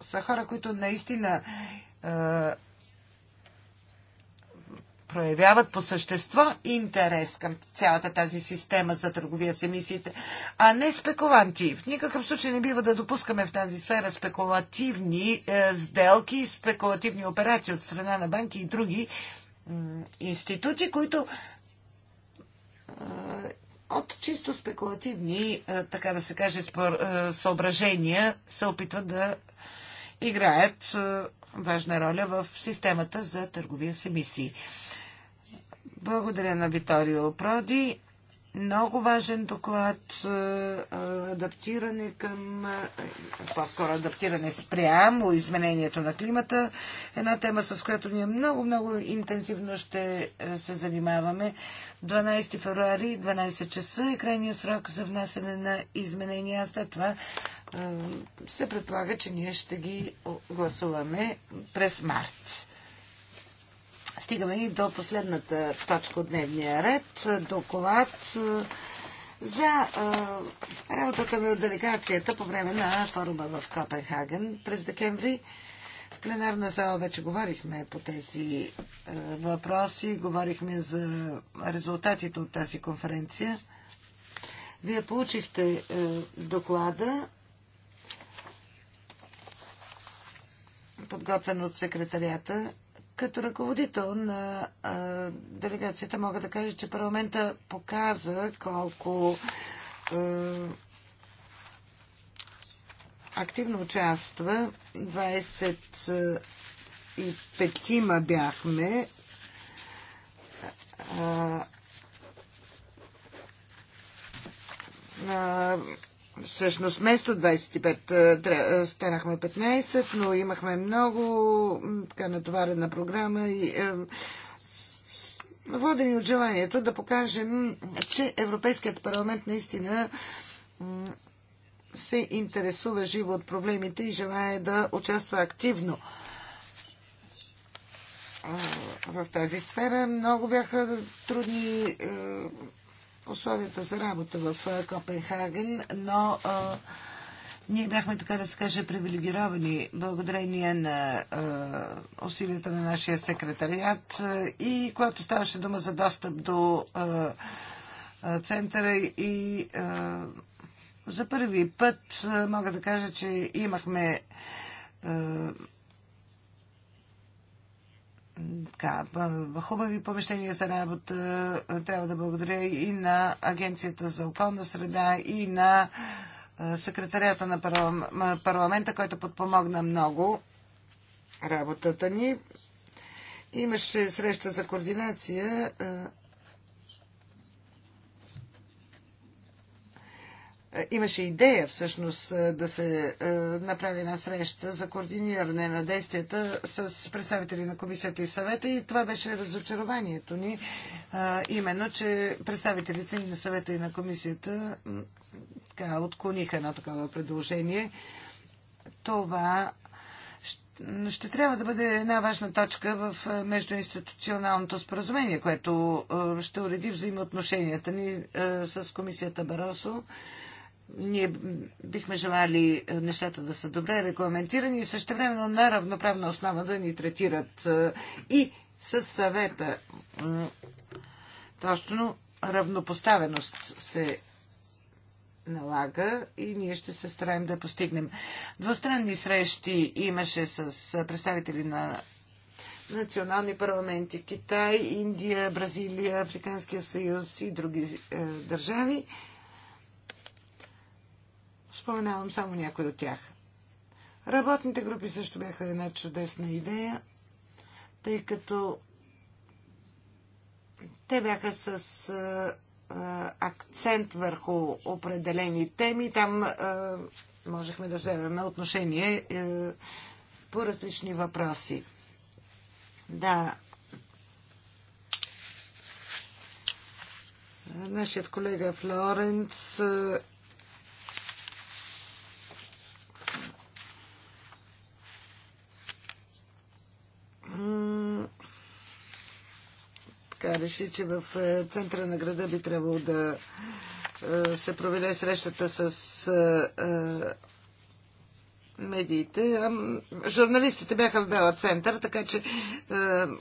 B: са хора, които наистина проявяват по същество интерес към цялата тази система за търговия с емисиите, а не спекуланти. В никакъв случай не бива да допускаме в тази сфера спекулативни е, сделки, спекулативни операции от страна на банки и други институти, които от чисто спекулативни, е, така да се каже, е, съображения се опитват да играят е, важна роля в системата за търговия с емисии. Благодаря на Виторио Проди. Много важен доклад. Е, адаптиране към, е, по-скоро адаптиране спрямо изменението на климата. Една тема, с която ние много, много интензивно ще е, се занимаваме. 12 февруари, 12 часа е крайният срок за внасяне на изменения. След това се предполага, че ние ще ги гласуваме през март стигаме и до последната точка от дневния ред. Доклад е, за е, работата на делегацията по време на форума в Копенхаген през декември. В пленарна зала вече говорихме по тези е, въпроси, говорихме за резултатите от тази конференция. Вие получихте доклада, подготвен от секретарията като ръководител на а, делегацията мога да кажа, че парламента показа колко а, активно участва. 25-ма бяхме. А, а, всъщност вместо 25 станахме 15, но имахме много така натоварена програма и е, водени от желанието да покажем, че Европейският парламент наистина се интересува живо от проблемите и желая да участва активно в тази сфера. Много бяха трудни е, условията за работа в Копенхаген, но а, ние бяхме, така да се каже, привилегировани благодарение на а, усилията на нашия секретариат а, и когато ставаше дума за достъп до а, центъра и а, за първи път а, мога да кажа, че имахме а, така, хубави помещения за работа. Трябва да благодаря и на Агенцията за околна среда, и на секретарията на парламента, който подпомогна много работата ни. Имаше среща за координация Е, имаше идея всъщност е, да се е, направи една среща за координиране на действията с представители на комисията и съвета и това беше разочарованието ни, именно, че представителите и на съвета и на комисията така, отклониха едно такова предложение. Това ще трябва да бъде една важна точка в междуинституционалното споразумение, което ще уреди взаимоотношенията ни с комисията Баросо ние бихме желали е, нещата да са добре регламентирани и времено на равноправна основа да ни третират е, и с съвета. Точно равнопоставеност се налага и ние ще се стараем да постигнем. Двустранни срещи имаше с е, представители на национални парламенти Китай, Индия, Бразилия, Африканския съюз и други е, държави. Споменавам само някои от тях. Работните групи също бяха една чудесна идея, тъй като те бяха с а, а, акцент върху определени теми. Там а, можехме да вземем отношение а, по различни въпроси. Да. Нашият колега Флоренц а, така реши, че в е, центъра на града би трябвало да е, се проведе срещата с е, медиите. Журналистите бяха в Бела център, така че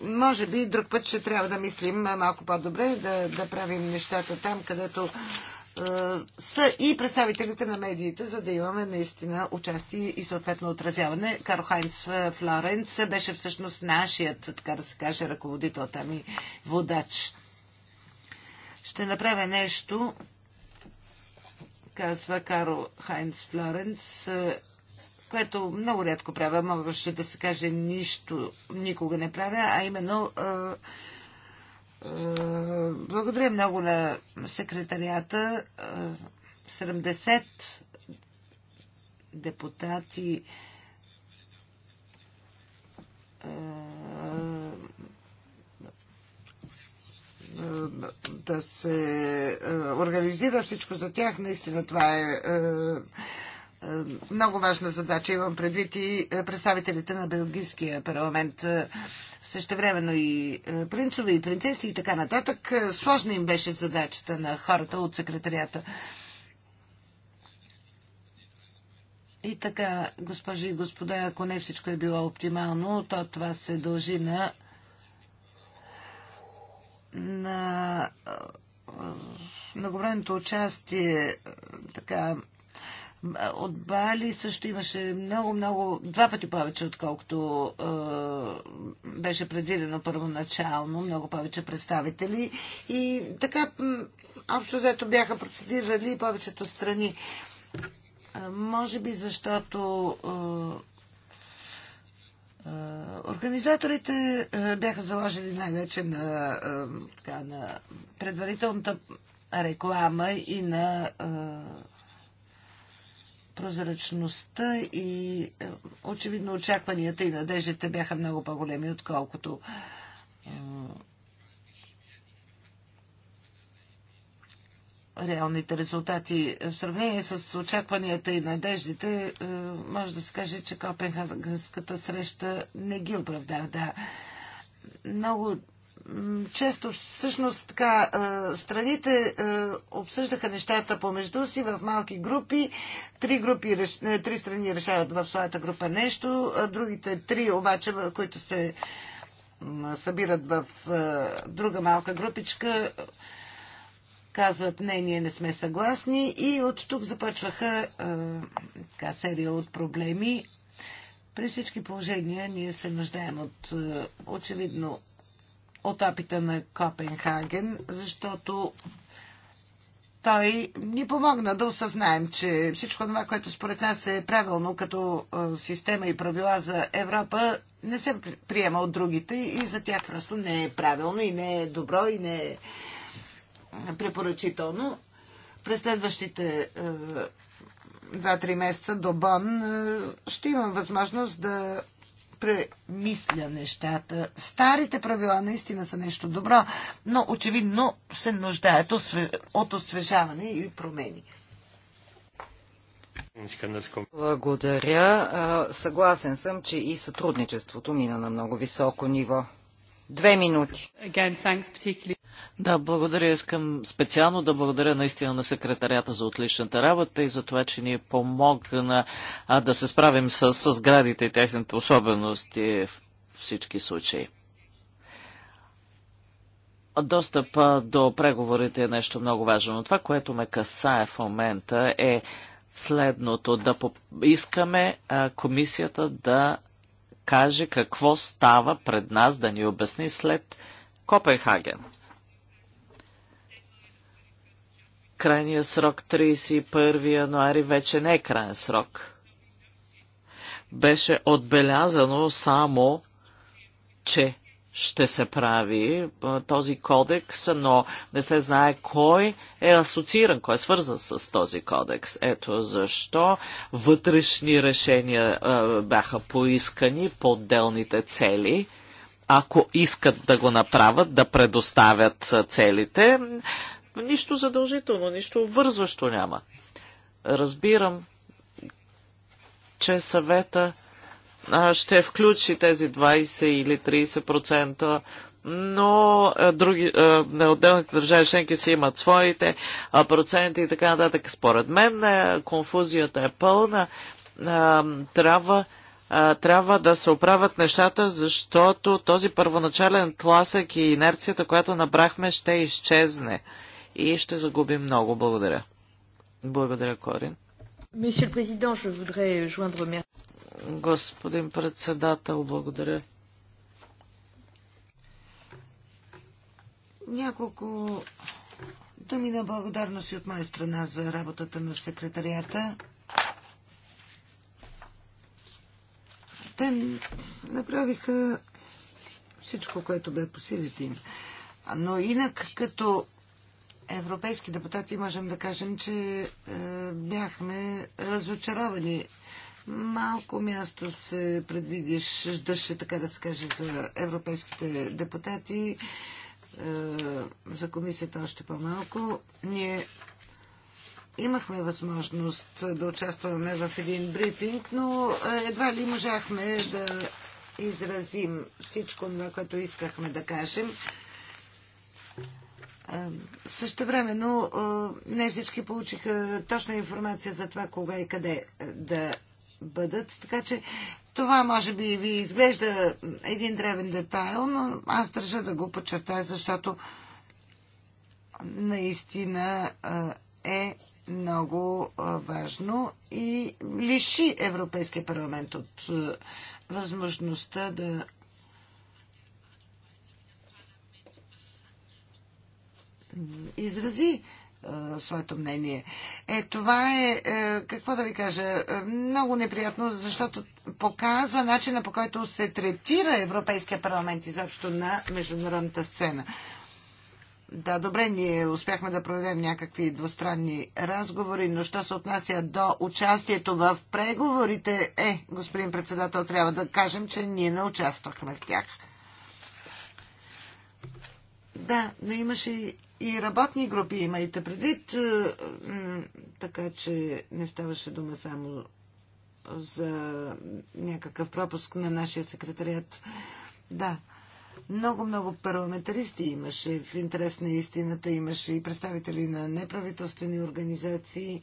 B: може би друг път ще трябва да мислим малко по-добре, да, да правим нещата там, където е, са и представителите на медиите, за да имаме наистина участие и съответно отразяване. Карл Хайнц е, Флоренц беше всъщност нашият, така да се каже, ръководител там и водач. Ще направя нещо, казва Карл Хайнц Флоренц, е, което много рядко правя, могаше да се каже нищо, никога не правя, а именно е, благодаря много на секретарията. 70 е, депутати е, да се организира всичко за тях. Наистина това е е, много важна задача. Имам предвид и е, представителите на Белгийския парламент. Е, също времено и принцове, и принцеси и така нататък. Сложна им беше задачата на хората от секретарията. И така, госпожи и господа, ако не всичко е било оптимално, то това се дължи на на многобройното участие така от Бали също имаше много, много, два пъти повече, отколкото е, беше предвидено първоначално, много повече представители. И така, общо взето бяха процедирали повечето страни. Е, може би защото е, е, Организаторите бяха заложили най-вече на, така, на предварителната реклама и на прозрачността и е, очевидно очакванията и надеждите бяха много по-големи, отколкото е, реалните резултати. В сравнение с очакванията и надеждите, е, може да се каже, че Копенхагенската среща не ги оправда. Да. Много често всъщност така страните обсъждаха нещата помежду си в малки групи. Три, групи, е, три страни решават в своята група нещо, другите три обаче, които се събират в друга малка групичка, казват не, ние не сме съгласни и от тук започваха така, серия от проблеми. При всички положения ние се нуждаем от очевидно от опита на Копенхаген, защото той ни помогна да осъзнаем, че всичко това, което според нас е правилно като система и правила за Европа, не се приема от другите и за тях просто не е правилно и не е добро и не е препоръчително. През следващите 2-3 месеца до Бон ще имам възможност да премисля нещата. Старите правила наистина са нещо добро, но очевидно се нуждаят от освежаване и промени.
A: Благодаря. Съгласен съм, че и сътрудничеството мина на много високо ниво. Две минути.
C: Да, благодаря. Искам специално да благодаря наистина на секретарята за отличната работа и за това, че ни е помогна а, да се справим с, с сградите и техните особености в всички случаи. Достъп до преговорите е нещо много важно. Но това, което ме касае в момента е следното. Да искаме а, комисията да каже какво става пред нас, да ни обясни след Копенхаген. Крайният срок 31 януари вече не е крайен срок. Беше отбелязано само, че ще се прави този кодекс, но не се знае кой е асоцииран, кой е свързан с този кодекс. Ето защо вътрешни решения бяха поискани по отделните цели. Ако искат да го направят, да предоставят целите, нищо задължително, нищо вързващо няма. Разбирам, че съвета ще включи тези 20 или 30%, но други, на отделните държави членки си имат своите проценти и така нататък. Според мен конфузията е пълна. Трябва трябва да се оправят нещата, защото този първоначален тласък и инерцията, която набрахме, ще изчезне и ще загубим много. Благодаря. Благодаря, Корин.
A: Monsieur президент, Président,
C: господин председател. Благодаря.
B: Няколко думи на благодарност и от моя страна за работата на секретарията. Те направиха всичко, което бе по силите им. Но инак, като европейски депутати, можем да кажем, че е, бяхме разочаровани Малко място се предвиждаше, така да се каже, за европейските депутати, е, за комисията още по-малко. Ние имахме възможност да участваме в един брифинг, но е, едва ли можахме да изразим всичко това, което искахме да кажем. Е, Също време, но не всички получиха точна информация за това кога и къде да бъдат. Така че това може би ви изглежда един древен детайл, но аз държа да го подчертая, защото наистина е много важно и лиши Европейския парламент от възможността да изрази своето мнение. Е, това е, е какво да ви кажа, е, много неприятно, защото показва начина по който се третира Европейския парламент изобщо на международната сцена. Да, добре, ние успяхме да проведем някакви двустранни разговори, но що се отнася до участието в преговорите, е, господин председател, трябва да кажем, че ние не участвахме в тях. Да, но имаше и работни групи, имайте предвид, е, така че не ставаше дума само за някакъв пропуск на нашия секретарият. Да, много-много парламентаристи имаше. В интерес на истината имаше и представители на неправителствени организации,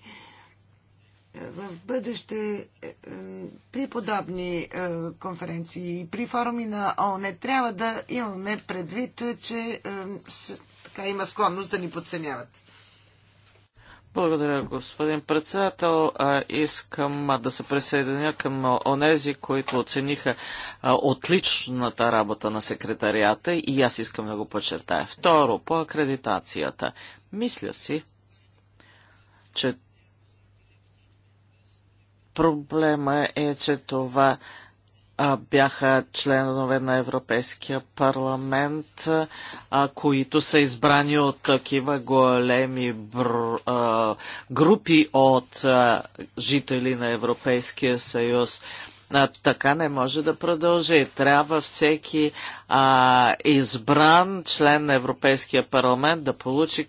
B: в бъдеще е, е, при подобни е, конференции и при форуми на ООН трябва да имаме предвид, че така има склонност да ни подценяват.
C: Благодаря, господин председател. Искам да се присъединя към онези, които оцениха отличната работа на секретарията и аз искам да го подчертая. Второ, по акредитацията. Мисля си, че Проблема е, че това бяха членове на Европейския парламент, които са избрани от такива големи групи от жители на Европейския съюз. така не може да продължи. Трябва всеки а, избран член на Европейския парламент да получи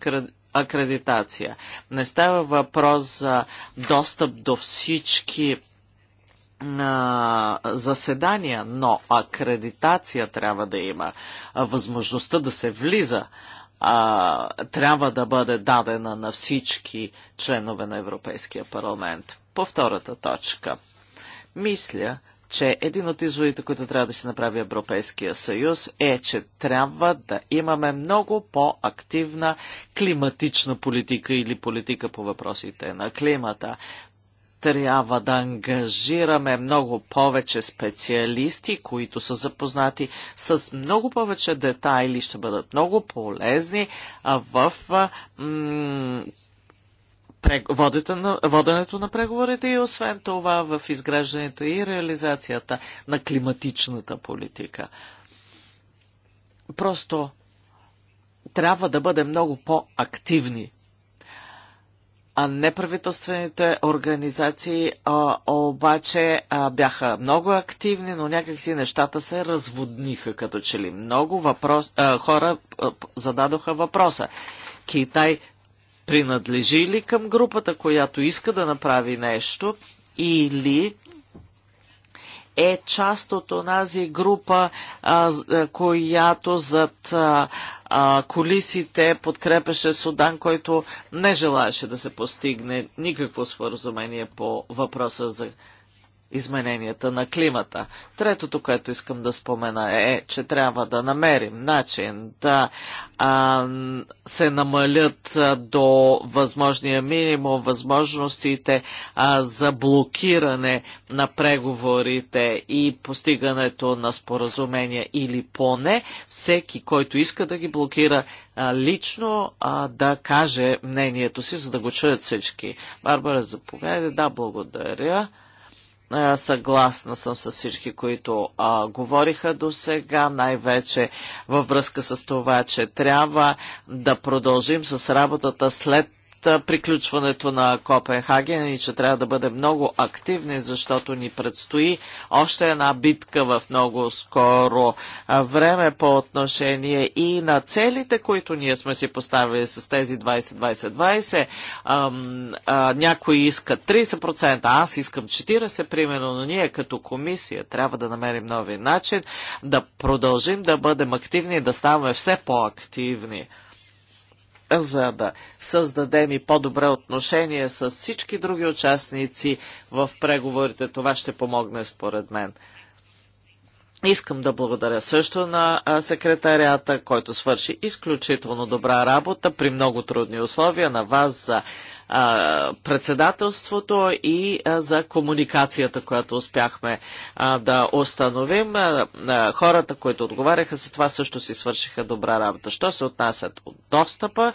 C: акредитация. Не става въпрос за достъп до всички на заседания, но акредитация трябва да има. Възможността да се влиза а, трябва да бъде дадена на всички членове на Европейския парламент. По втората точка. Мисля, че един от изводите, които трябва да си направи Европейския съюз е, че трябва да имаме много по-активна климатична политика или политика по въпросите на климата. Трябва да ангажираме много повече специалисти, които са запознати с много повече детайли, ще бъдат много полезни в воденето на преговорите и освен това в изграждането и реализацията на климатичната политика. Просто трябва да бъдем много по-активни. А неправителствените организации а, обаче а, бяха много активни, но някакси нещата се разводниха, като че ли много въпрос, а, хора а, зададоха въпроса. Китай принадлежи ли към групата, която иска да направи нещо, или е част от онази група, а, която зад а, а, колисите подкрепеше Судан, който не желаеше да се постигне никакво споразумение по въпроса за измененията на климата. Третото, което искам да спомена е, е че трябва да намерим начин да а, се намалят а, до възможния минимум възможностите а, за блокиране на преговорите и постигането на споразумения или поне всеки, който иска да ги блокира, а, лично а, да каже мнението си, за да го чуят всички. Барбара, заповядайте. Да, благодаря. Съгласна съм с всички, които а, говориха до сега, най-вече във връзка с това, че трябва да продължим с работата след приключването на Копенхаген и че трябва да бъдем много активни, защото ни предстои още една битка в много скоро време по отношение и на целите, които ние сме си поставили с тези 20-20-20. Някои искат 30%, аз искам 40%, примерно, но ние като комисия трябва да намерим нови начин да продължим да бъдем активни и да ставаме все по-активни за да създадем и по-добре отношение с всички други участници в преговорите. Това ще помогне според мен. Искам да благодаря също на секретарията, който свърши изключително добра работа при много трудни условия на вас за председателството и за комуникацията, която успяхме да установим. Хората, които отговаряха за това, също си свършиха добра работа. Що се отнасят от достъпа,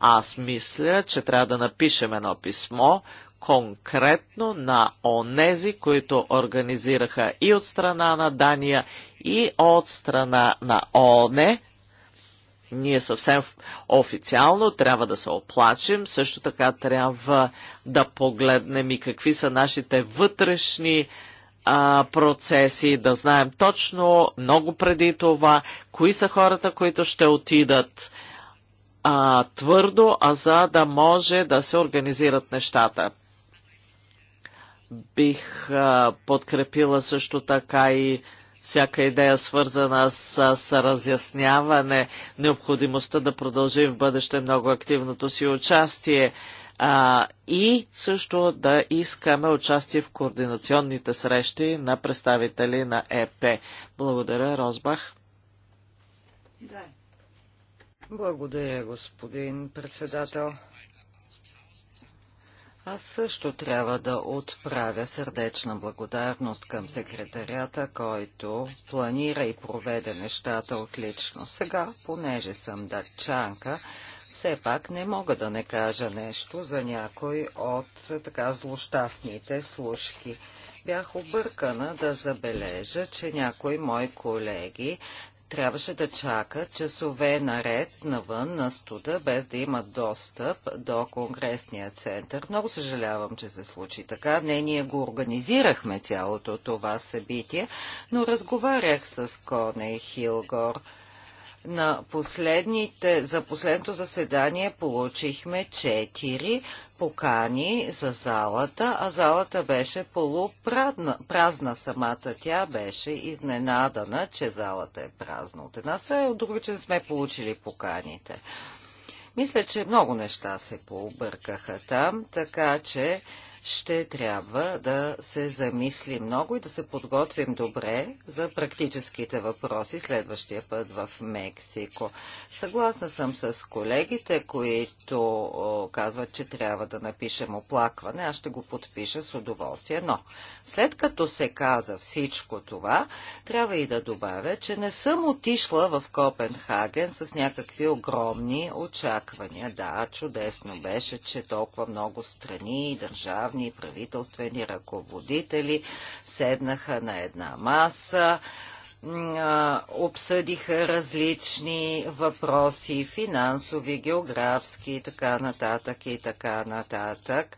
C: аз мисля, че трябва да напишем едно писмо, конкретно на онези, които организираха и от страна на Дания, и от страна на ОНЕ. Ние съвсем официално трябва да се оплачим, също така трябва да погледнем и какви са нашите вътрешни а, процеси, да знаем точно, много преди това, кои са хората, които ще отидат а, твърдо, а за да може да се организират нещата. Бих а, подкрепила също така и всяка идея свързана с, с разясняване, необходимостта да продължим в бъдеще много активното си участие а, и също да искаме участие в координационните срещи на представители на ЕП. Благодаря, Розбах.
B: Да.
A: Благодаря, господин председател. Аз също трябва да отправя сърдечна благодарност към секретарята, който планира и проведе нещата отлично. Сега, понеже съм датчанка, все пак не мога да не кажа нещо за някой от така злощастните служки. Бях объркана да забележа, че някои мои колеги трябваше да чакат часове наред навън на студа, без да имат достъп до Конгресния център. Много съжалявам, че се случи така. Не, ние го организирахме цялото това събитие, но разговарях с Коне Хилгор. На последните, за последното заседание получихме четири покани за залата, а залата беше полупразна. Празна самата тя беше изненадана, че залата е празна от една страна, от друга, че не сме получили поканите. Мисля, че много неща се пообъркаха там, така че ще трябва да се замисли много и да се подготвим добре за практическите въпроси следващия път в Мексико. Съгласна съм с колегите, които казват, че трябва да напишем оплакване. Аз ще го подпиша с удоволствие. Но след като се каза всичко това, трябва и да добавя, че не съм отишла в Копенхаген с някакви огромни очаквания. Да, чудесно беше, че толкова много страни и държави държавни и правителствени ръководители седнаха на една маса, обсъдиха различни въпроси, финансови, географски и така нататък и така нататък.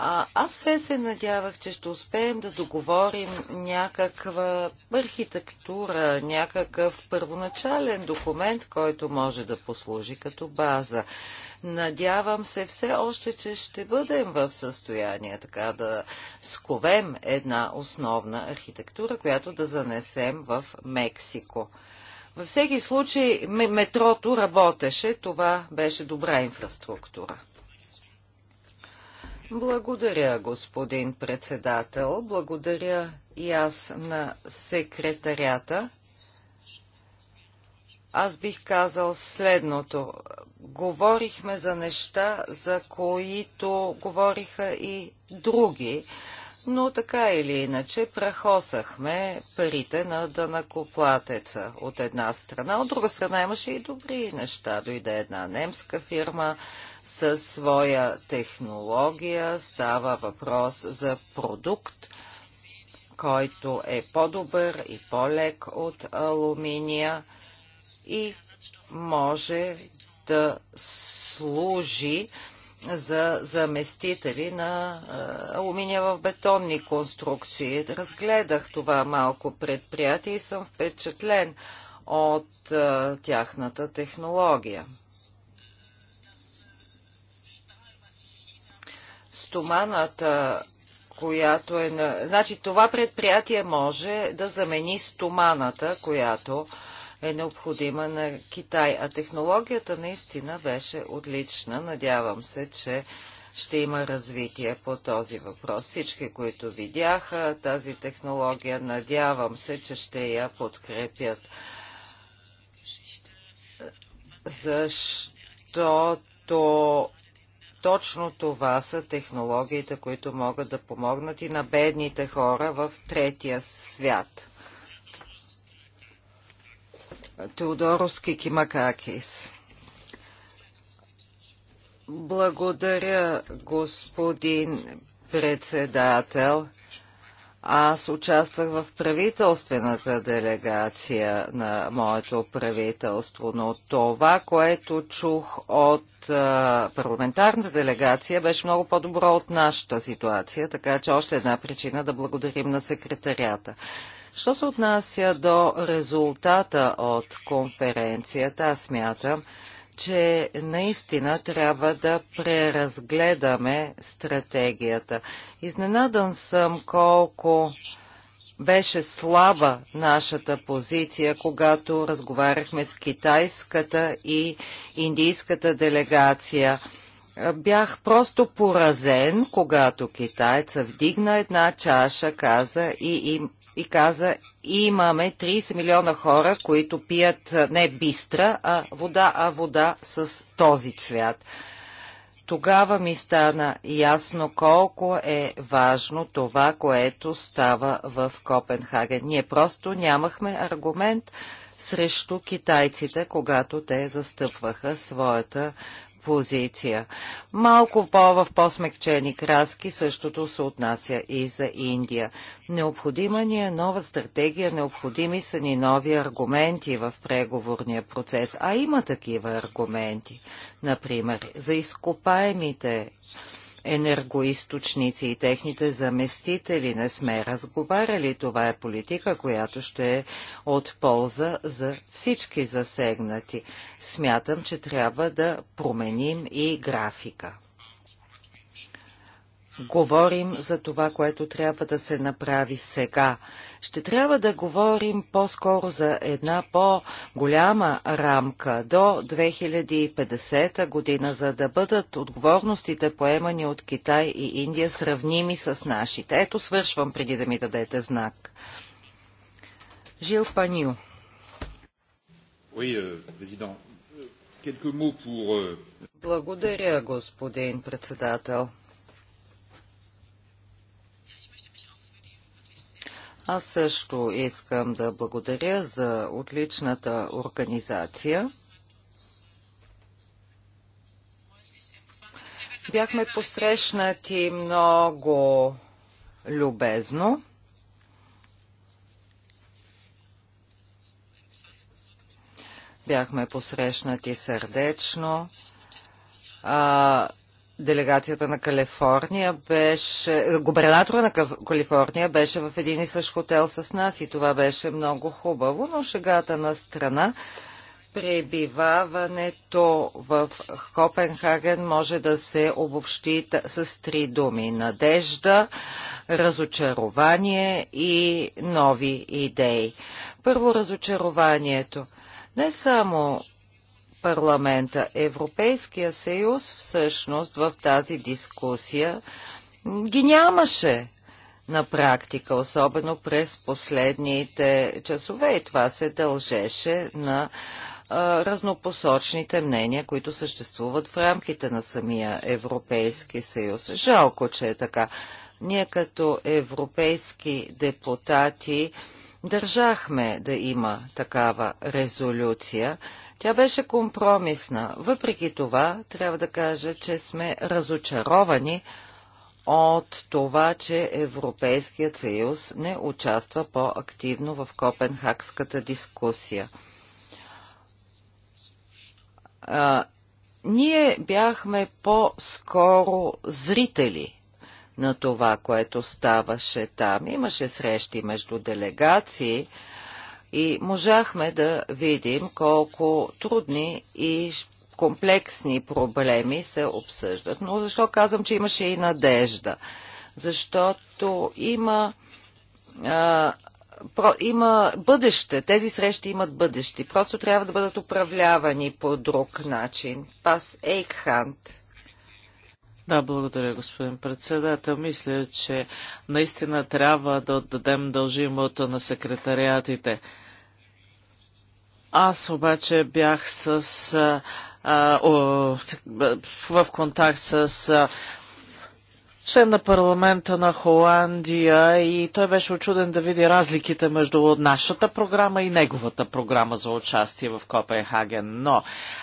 A: А, аз все се надявах, че ще успеем да договорим някаква архитектура, някакъв първоначален документ, който може да послужи като база. Надявам се все още, че ще бъдем в състояние така да сковем една основна архитектура, която да занесем в Мексико. Във всеки случай метрото работеше, това беше добра инфраструктура. Благодаря, господин председател. Благодаря и аз на секретарята аз бих казал следното. Говорихме за неща, за които говориха и други, но така или иначе прахосахме парите на дънакоплатеца от една страна. От друга страна имаше и добри неща. Дойде една немска фирма със своя технология. Става въпрос за продукт, който е по-добър и по-лек от алуминия и може да служи за заместители на алуминия в бетонни конструкции. Разгледах това малко предприятие и съм впечатлен от тяхната технология. Стоманата, която е... На... Значи това предприятие може да замени стоманата, която е необходима на Китай. А технологията наистина беше отлична. Надявам се, че ще има развитие по този въпрос. Всички, които видяха тази технология, надявам се, че ще я подкрепят. Защото точно това са технологиите, които могат да помогнат и на бедните хора в третия свят. Теодорос Кикимакакис. Благодаря, господин председател. Аз участвах в правителствената делегация на моето правителство, но това, което чух от парламентарната делегация, беше много по-добро от нашата ситуация, така че още една причина да благодарим на секретарията. Що се отнася до резултата от конференцията, аз смятам, че наистина трябва да преразгледаме стратегията. Изненадан съм колко беше слаба нашата позиция, когато разговаряхме с китайската и индийската делегация. Бях просто поразен, когато китайца вдигна една чаша, каза и им и каза, имаме 30 милиона хора, които пият не бистра, а вода, а вода с този цвят. Тогава ми стана ясно колко е важно това, което става в Копенхаген. Ние просто нямахме аргумент срещу китайците, когато те застъпваха своята позиция. Малко по-в по-смекчени краски същото се отнася и за Индия. Необходима ни е нова стратегия, необходими са ни нови аргументи в преговорния процес, а има такива аргументи. Например, за изкопаемите енергоисточници и техните заместители. Не сме разговаряли. Това е политика, която ще е от полза за всички засегнати. Смятам, че трябва да променим и графика говорим за това, което трябва да се направи сега. Ще трябва да говорим по-скоро за една по-голяма рамка до 2050 година, за да бъдат отговорностите поемани от Китай и Индия сравними с нашите. Ето свършвам преди да ми дадете знак. Жил Паню.
B: Euh, euh,
C: euh,
A: Благодаря, господин председател. Аз също искам да благодаря за отличната организация. Бяхме посрещнати много любезно. Бяхме посрещнати сърдечно. А, делегацията на Калифорния беше, губернатора на Калифорния беше в един и същ хотел с нас и това беше много хубаво, но шегата на страна пребиваването в Копенхаген може да се обобщи с три думи – надежда, разочарование и нови идеи. Първо разочарованието. Не само парламента. Европейския съюз всъщност в тази дискусия ги нямаше на практика, особено през последните часове и това се дължеше на а, разнопосочните мнения, които съществуват в рамките на самия Европейски съюз. Жалко, че е така. Ние като европейски депутати държахме да има такава резолюция тя беше компромисна. Въпреки това, трябва да кажа, че сме разочаровани от това, че Европейският съюз не участва по-активно в Копенхагската дискусия. А, ние бяхме по-скоро зрители на това, което ставаше там. Имаше срещи между делегации, и можахме да видим колко трудни и комплексни проблеми се обсъждат. Но защо казвам, че имаше и надежда? Защото има, а, про, има бъдеще. Тези срещи имат бъдеще. Просто трябва да бъдат управлявани по друг начин. Пас Ейкхант
C: да, благодаря, господин председател. Мисля, че наистина трябва да отдадем дължимото на секретариатите. Аз обаче бях с а, о, в контакт с член на парламента на Холандия и той беше очуден да види разликите между нашата програма и неговата програма за участие в Копенхаген. Но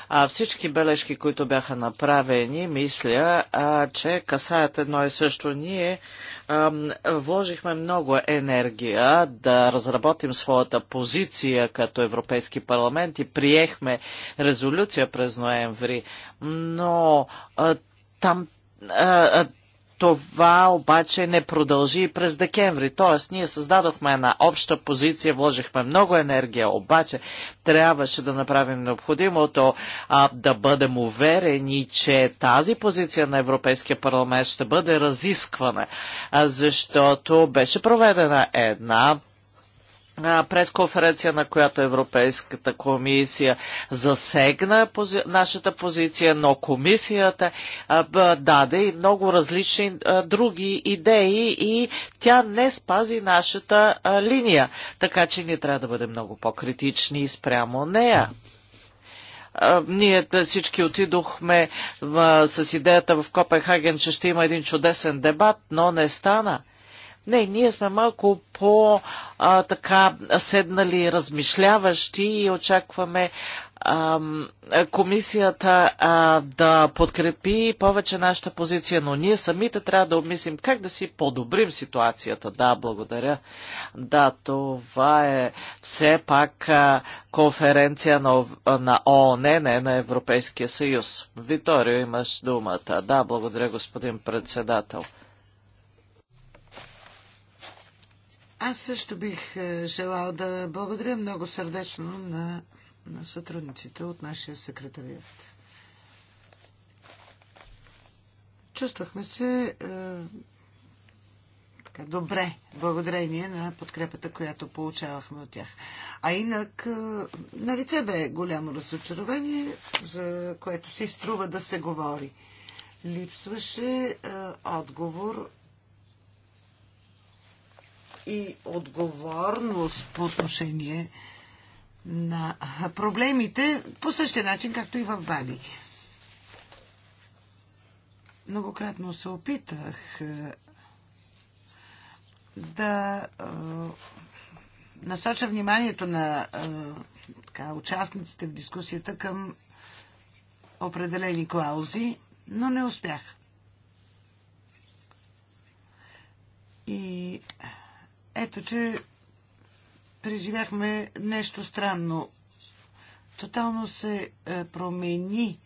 C: а, всички бележки, които бяха направени, мисля, а, че касаят едно и също. Ние а, вложихме много енергия да разработим своята позиция като Европейски парламент и приехме резолюция през ноември. Но а, там а, това обаче не продължи и през декември. Тоест, ние създадохме една обща позиция, вложихме много енергия, обаче трябваше да направим необходимото а, да бъдем уверени, че тази позиция на Европейския парламент ще бъде разисквана, защото беше проведена една пресконференция, на която Европейската комисия засегна пози... нашата позиция, но комисията а, даде и много различни а, други идеи и тя не спази нашата а, линия. Така че ние трябва да бъдем много по-критични спрямо нея ние всички отидохме а, с идеята в Копенхаген, че ще има един чудесен дебат, но не стана. Не, ние сме малко по а, така седнали размишляващи и очакваме а, комисията а, да подкрепи повече нашата позиция, но ние самите трябва да обмислим как да си подобрим ситуацията. Да, благодаря. Да, това е все пак а, конференция на, на ООН, не на Европейския съюз. Виторио, имаш думата. Да, благодаря, господин председател.
B: Аз също бих е, желал да благодаря много сърдечно на, на сътрудниците от нашия секретариат. Чувствахме се е, така, добре, благодарение на подкрепата, която получавахме от тях. А инак, е, на лице бе голямо разочарование, за което си струва да се говори. Липсваше е, отговор и отговорност по отношение на проблемите по същия начин, както и в Бали. Многократно се опитвах е, да е, насоча вниманието на е, така, участниците в дискусията към определени клаузи, но не успях. И ето, че преживяхме нещо странно. Тотално се е, промени,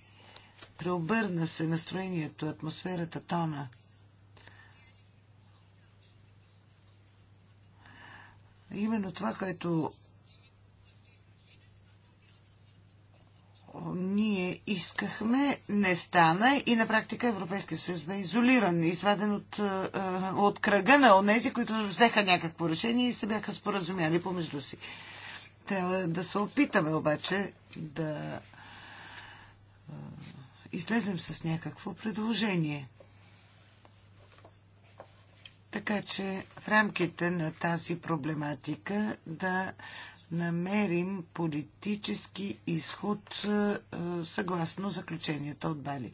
B: преобърна се настроението, атмосферата, тона. Именно това, което ние искахме, не стана и на практика Европейския съюз бе изолиран, изваден от, е, е, от кръга на онези, които взеха някакво решение и се бяха споразумяли помежду си. Трябва да се опитаме обаче да е, излезем с някакво предложение. Така че в рамките на тази проблематика да намерим политически изход е, е, съгласно заключенията от Бали. Е,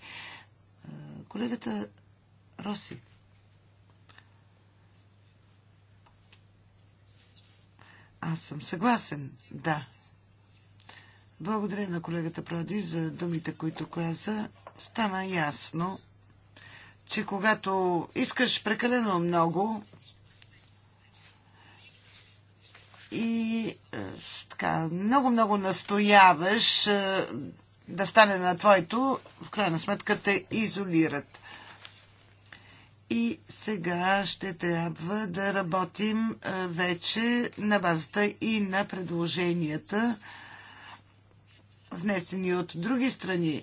B: колегата Роси. Аз съм съгласен, да. Благодаря на колегата Проди за думите, които каза. Стана ясно, че когато искаш прекалено много, и е, така, много-много настояваш е, да стане на твоето, в крайна сметка те изолират. И сега ще трябва да работим е, вече на базата и на предложенията, внесени от други страни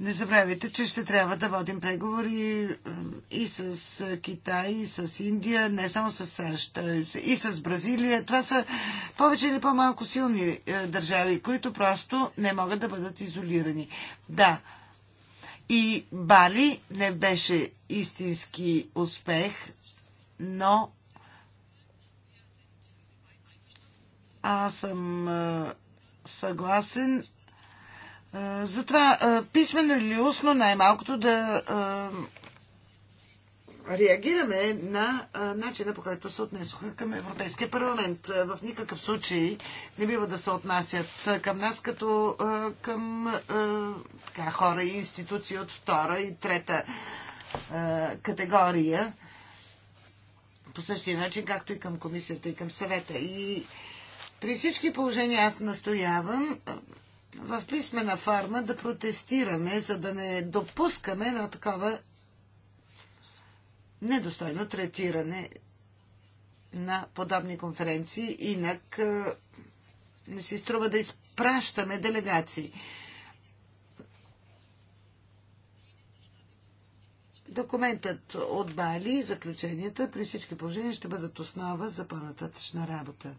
B: не забравяйте, че ще трябва да водим преговори и с Китай, и с Индия, не само с САЩ, и с Бразилия. Това са повече или по-малко силни е, държави, които просто не могат да бъдат изолирани. Да, и Бали не беше истински успех, но аз съм съгласен е, затова е, писмено или устно най-малкото да е, реагираме на начина по който се отнесоха към Европейския парламент. В никакъв случай не бива да се отнасят към нас като към така, хора и институции от втора и трета категория. По същия начин, както и към комисията и към съвета. И при всички положения аз настоявам в писмена форма да протестираме, за да не допускаме на такова недостойно третиране на подобни конференции. Инак не си струва да изпращаме делегации. Документът от Бали и заключенията при всички положения ще бъдат основа за по-нататъчна работа.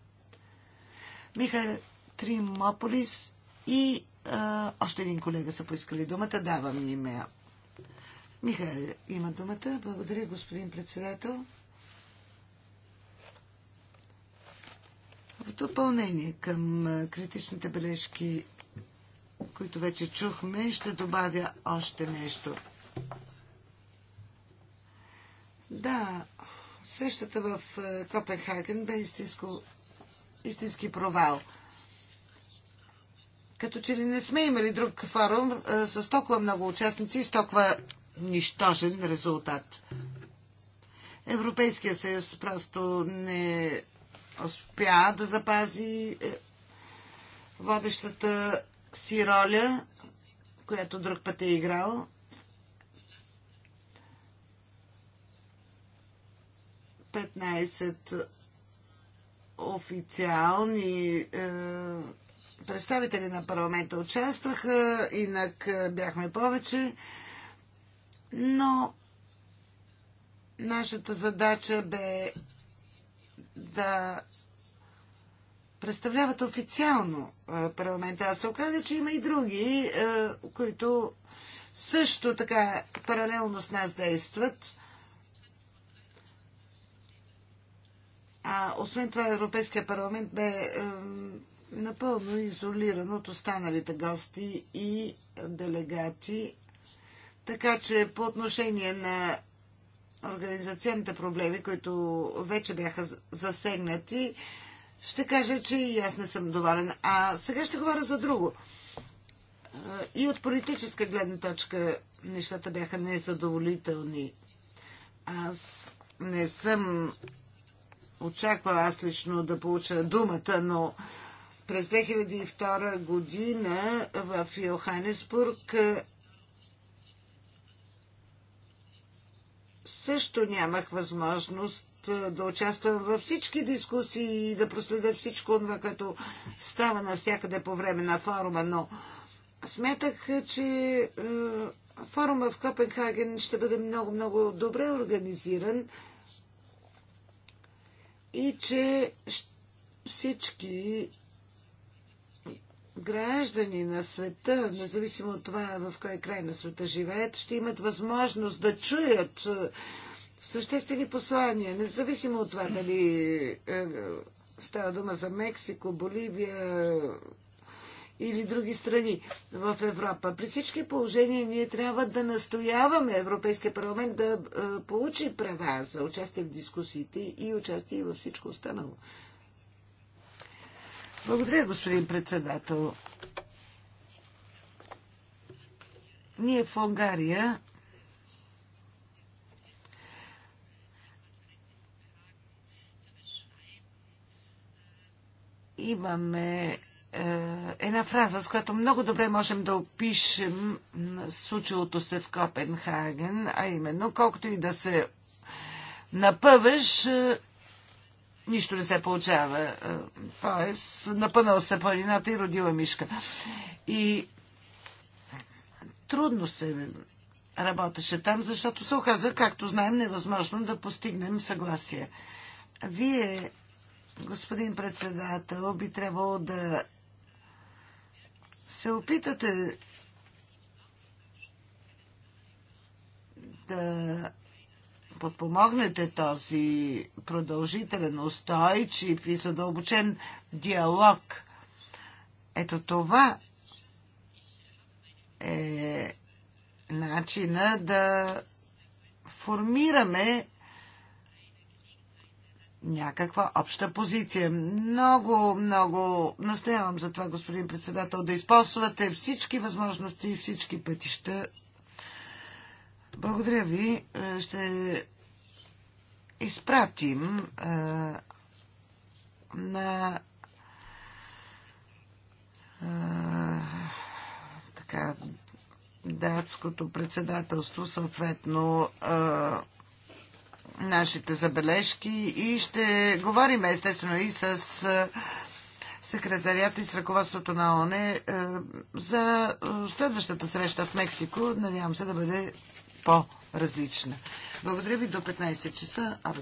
B: Михаил Тримополис и а, още един колега са поискали думата. Давам им я. Михаил има думата. Благодаря, господин председател. В допълнение към критичните бележки, които вече чухме, ще добавя още нещо. Да, срещата в Копенхаген бе истинско, истински провал – като че ли не сме имали друг форум с толкова много участници и с толкова нищожен резултат. Европейския съюз просто не успя да запази е, водещата си роля, която друг път е играл. Петнайсет официални е, представители на парламента участваха, инак бяхме повече, но нашата задача бе да представляват официално парламента. А се оказа, че има и други, които също така паралелно с нас действат. А освен това Европейския парламент бе напълно изолиран от останалите гости и делегати. Така че по отношение на организационните проблеми, които вече бяха засегнати, ще кажа, че и аз не съм доволен. А сега ще говоря за друго. Е, и от политическа гледна точка нещата бяха незадоволителни. Аз не съм очаквала аз лично да получа думата, но през 2002 година в Йоханесбург също нямах възможност да участвам във всички дискусии и да проследя всичко това, което става навсякъде по време на форума, но смятах, че форума в Копенхаген ще бъде много-много добре организиран и че всички граждани на света, независимо от това в кой край на света живеят, ще имат възможност да чуят е, съществени послания, независимо от това дали е, става дума за Мексико, Боливия е, или други страни в Европа. При всички положения ние трябва да настояваме Европейския парламент да получи права за участие в дискусиите и участие във всичко останало. Благодаря, господин председател. Ние в Унгария имаме е, една фраза, с която много добре можем да опишем случилото се в Копенхаген, а именно колкото и да се напъваш, нищо не се получава. Е, тоест, напънал се планината и родила мишка. И трудно се работеше там, защото се оказа, както знаем, невъзможно да постигнем съгласие. Вие, господин председател, би трябвало да се опитате да подпомогнете този продължителен, устойчив и задълбочен диалог. Ето това е начина да формираме някаква обща позиция. Много, много настоявам за това, господин председател, да използвате всички възможности и всички пътища благодаря ви. Е, ще изпратим е, на е, така, датското председателство, съответно а, нашите забележки и ще говорим естествено и с а, секретарията и с ръководството на ОНЕ а, за следващата среща в Мексико. Надявам се да бъде по-различна. Благодаря ви до 15 часа.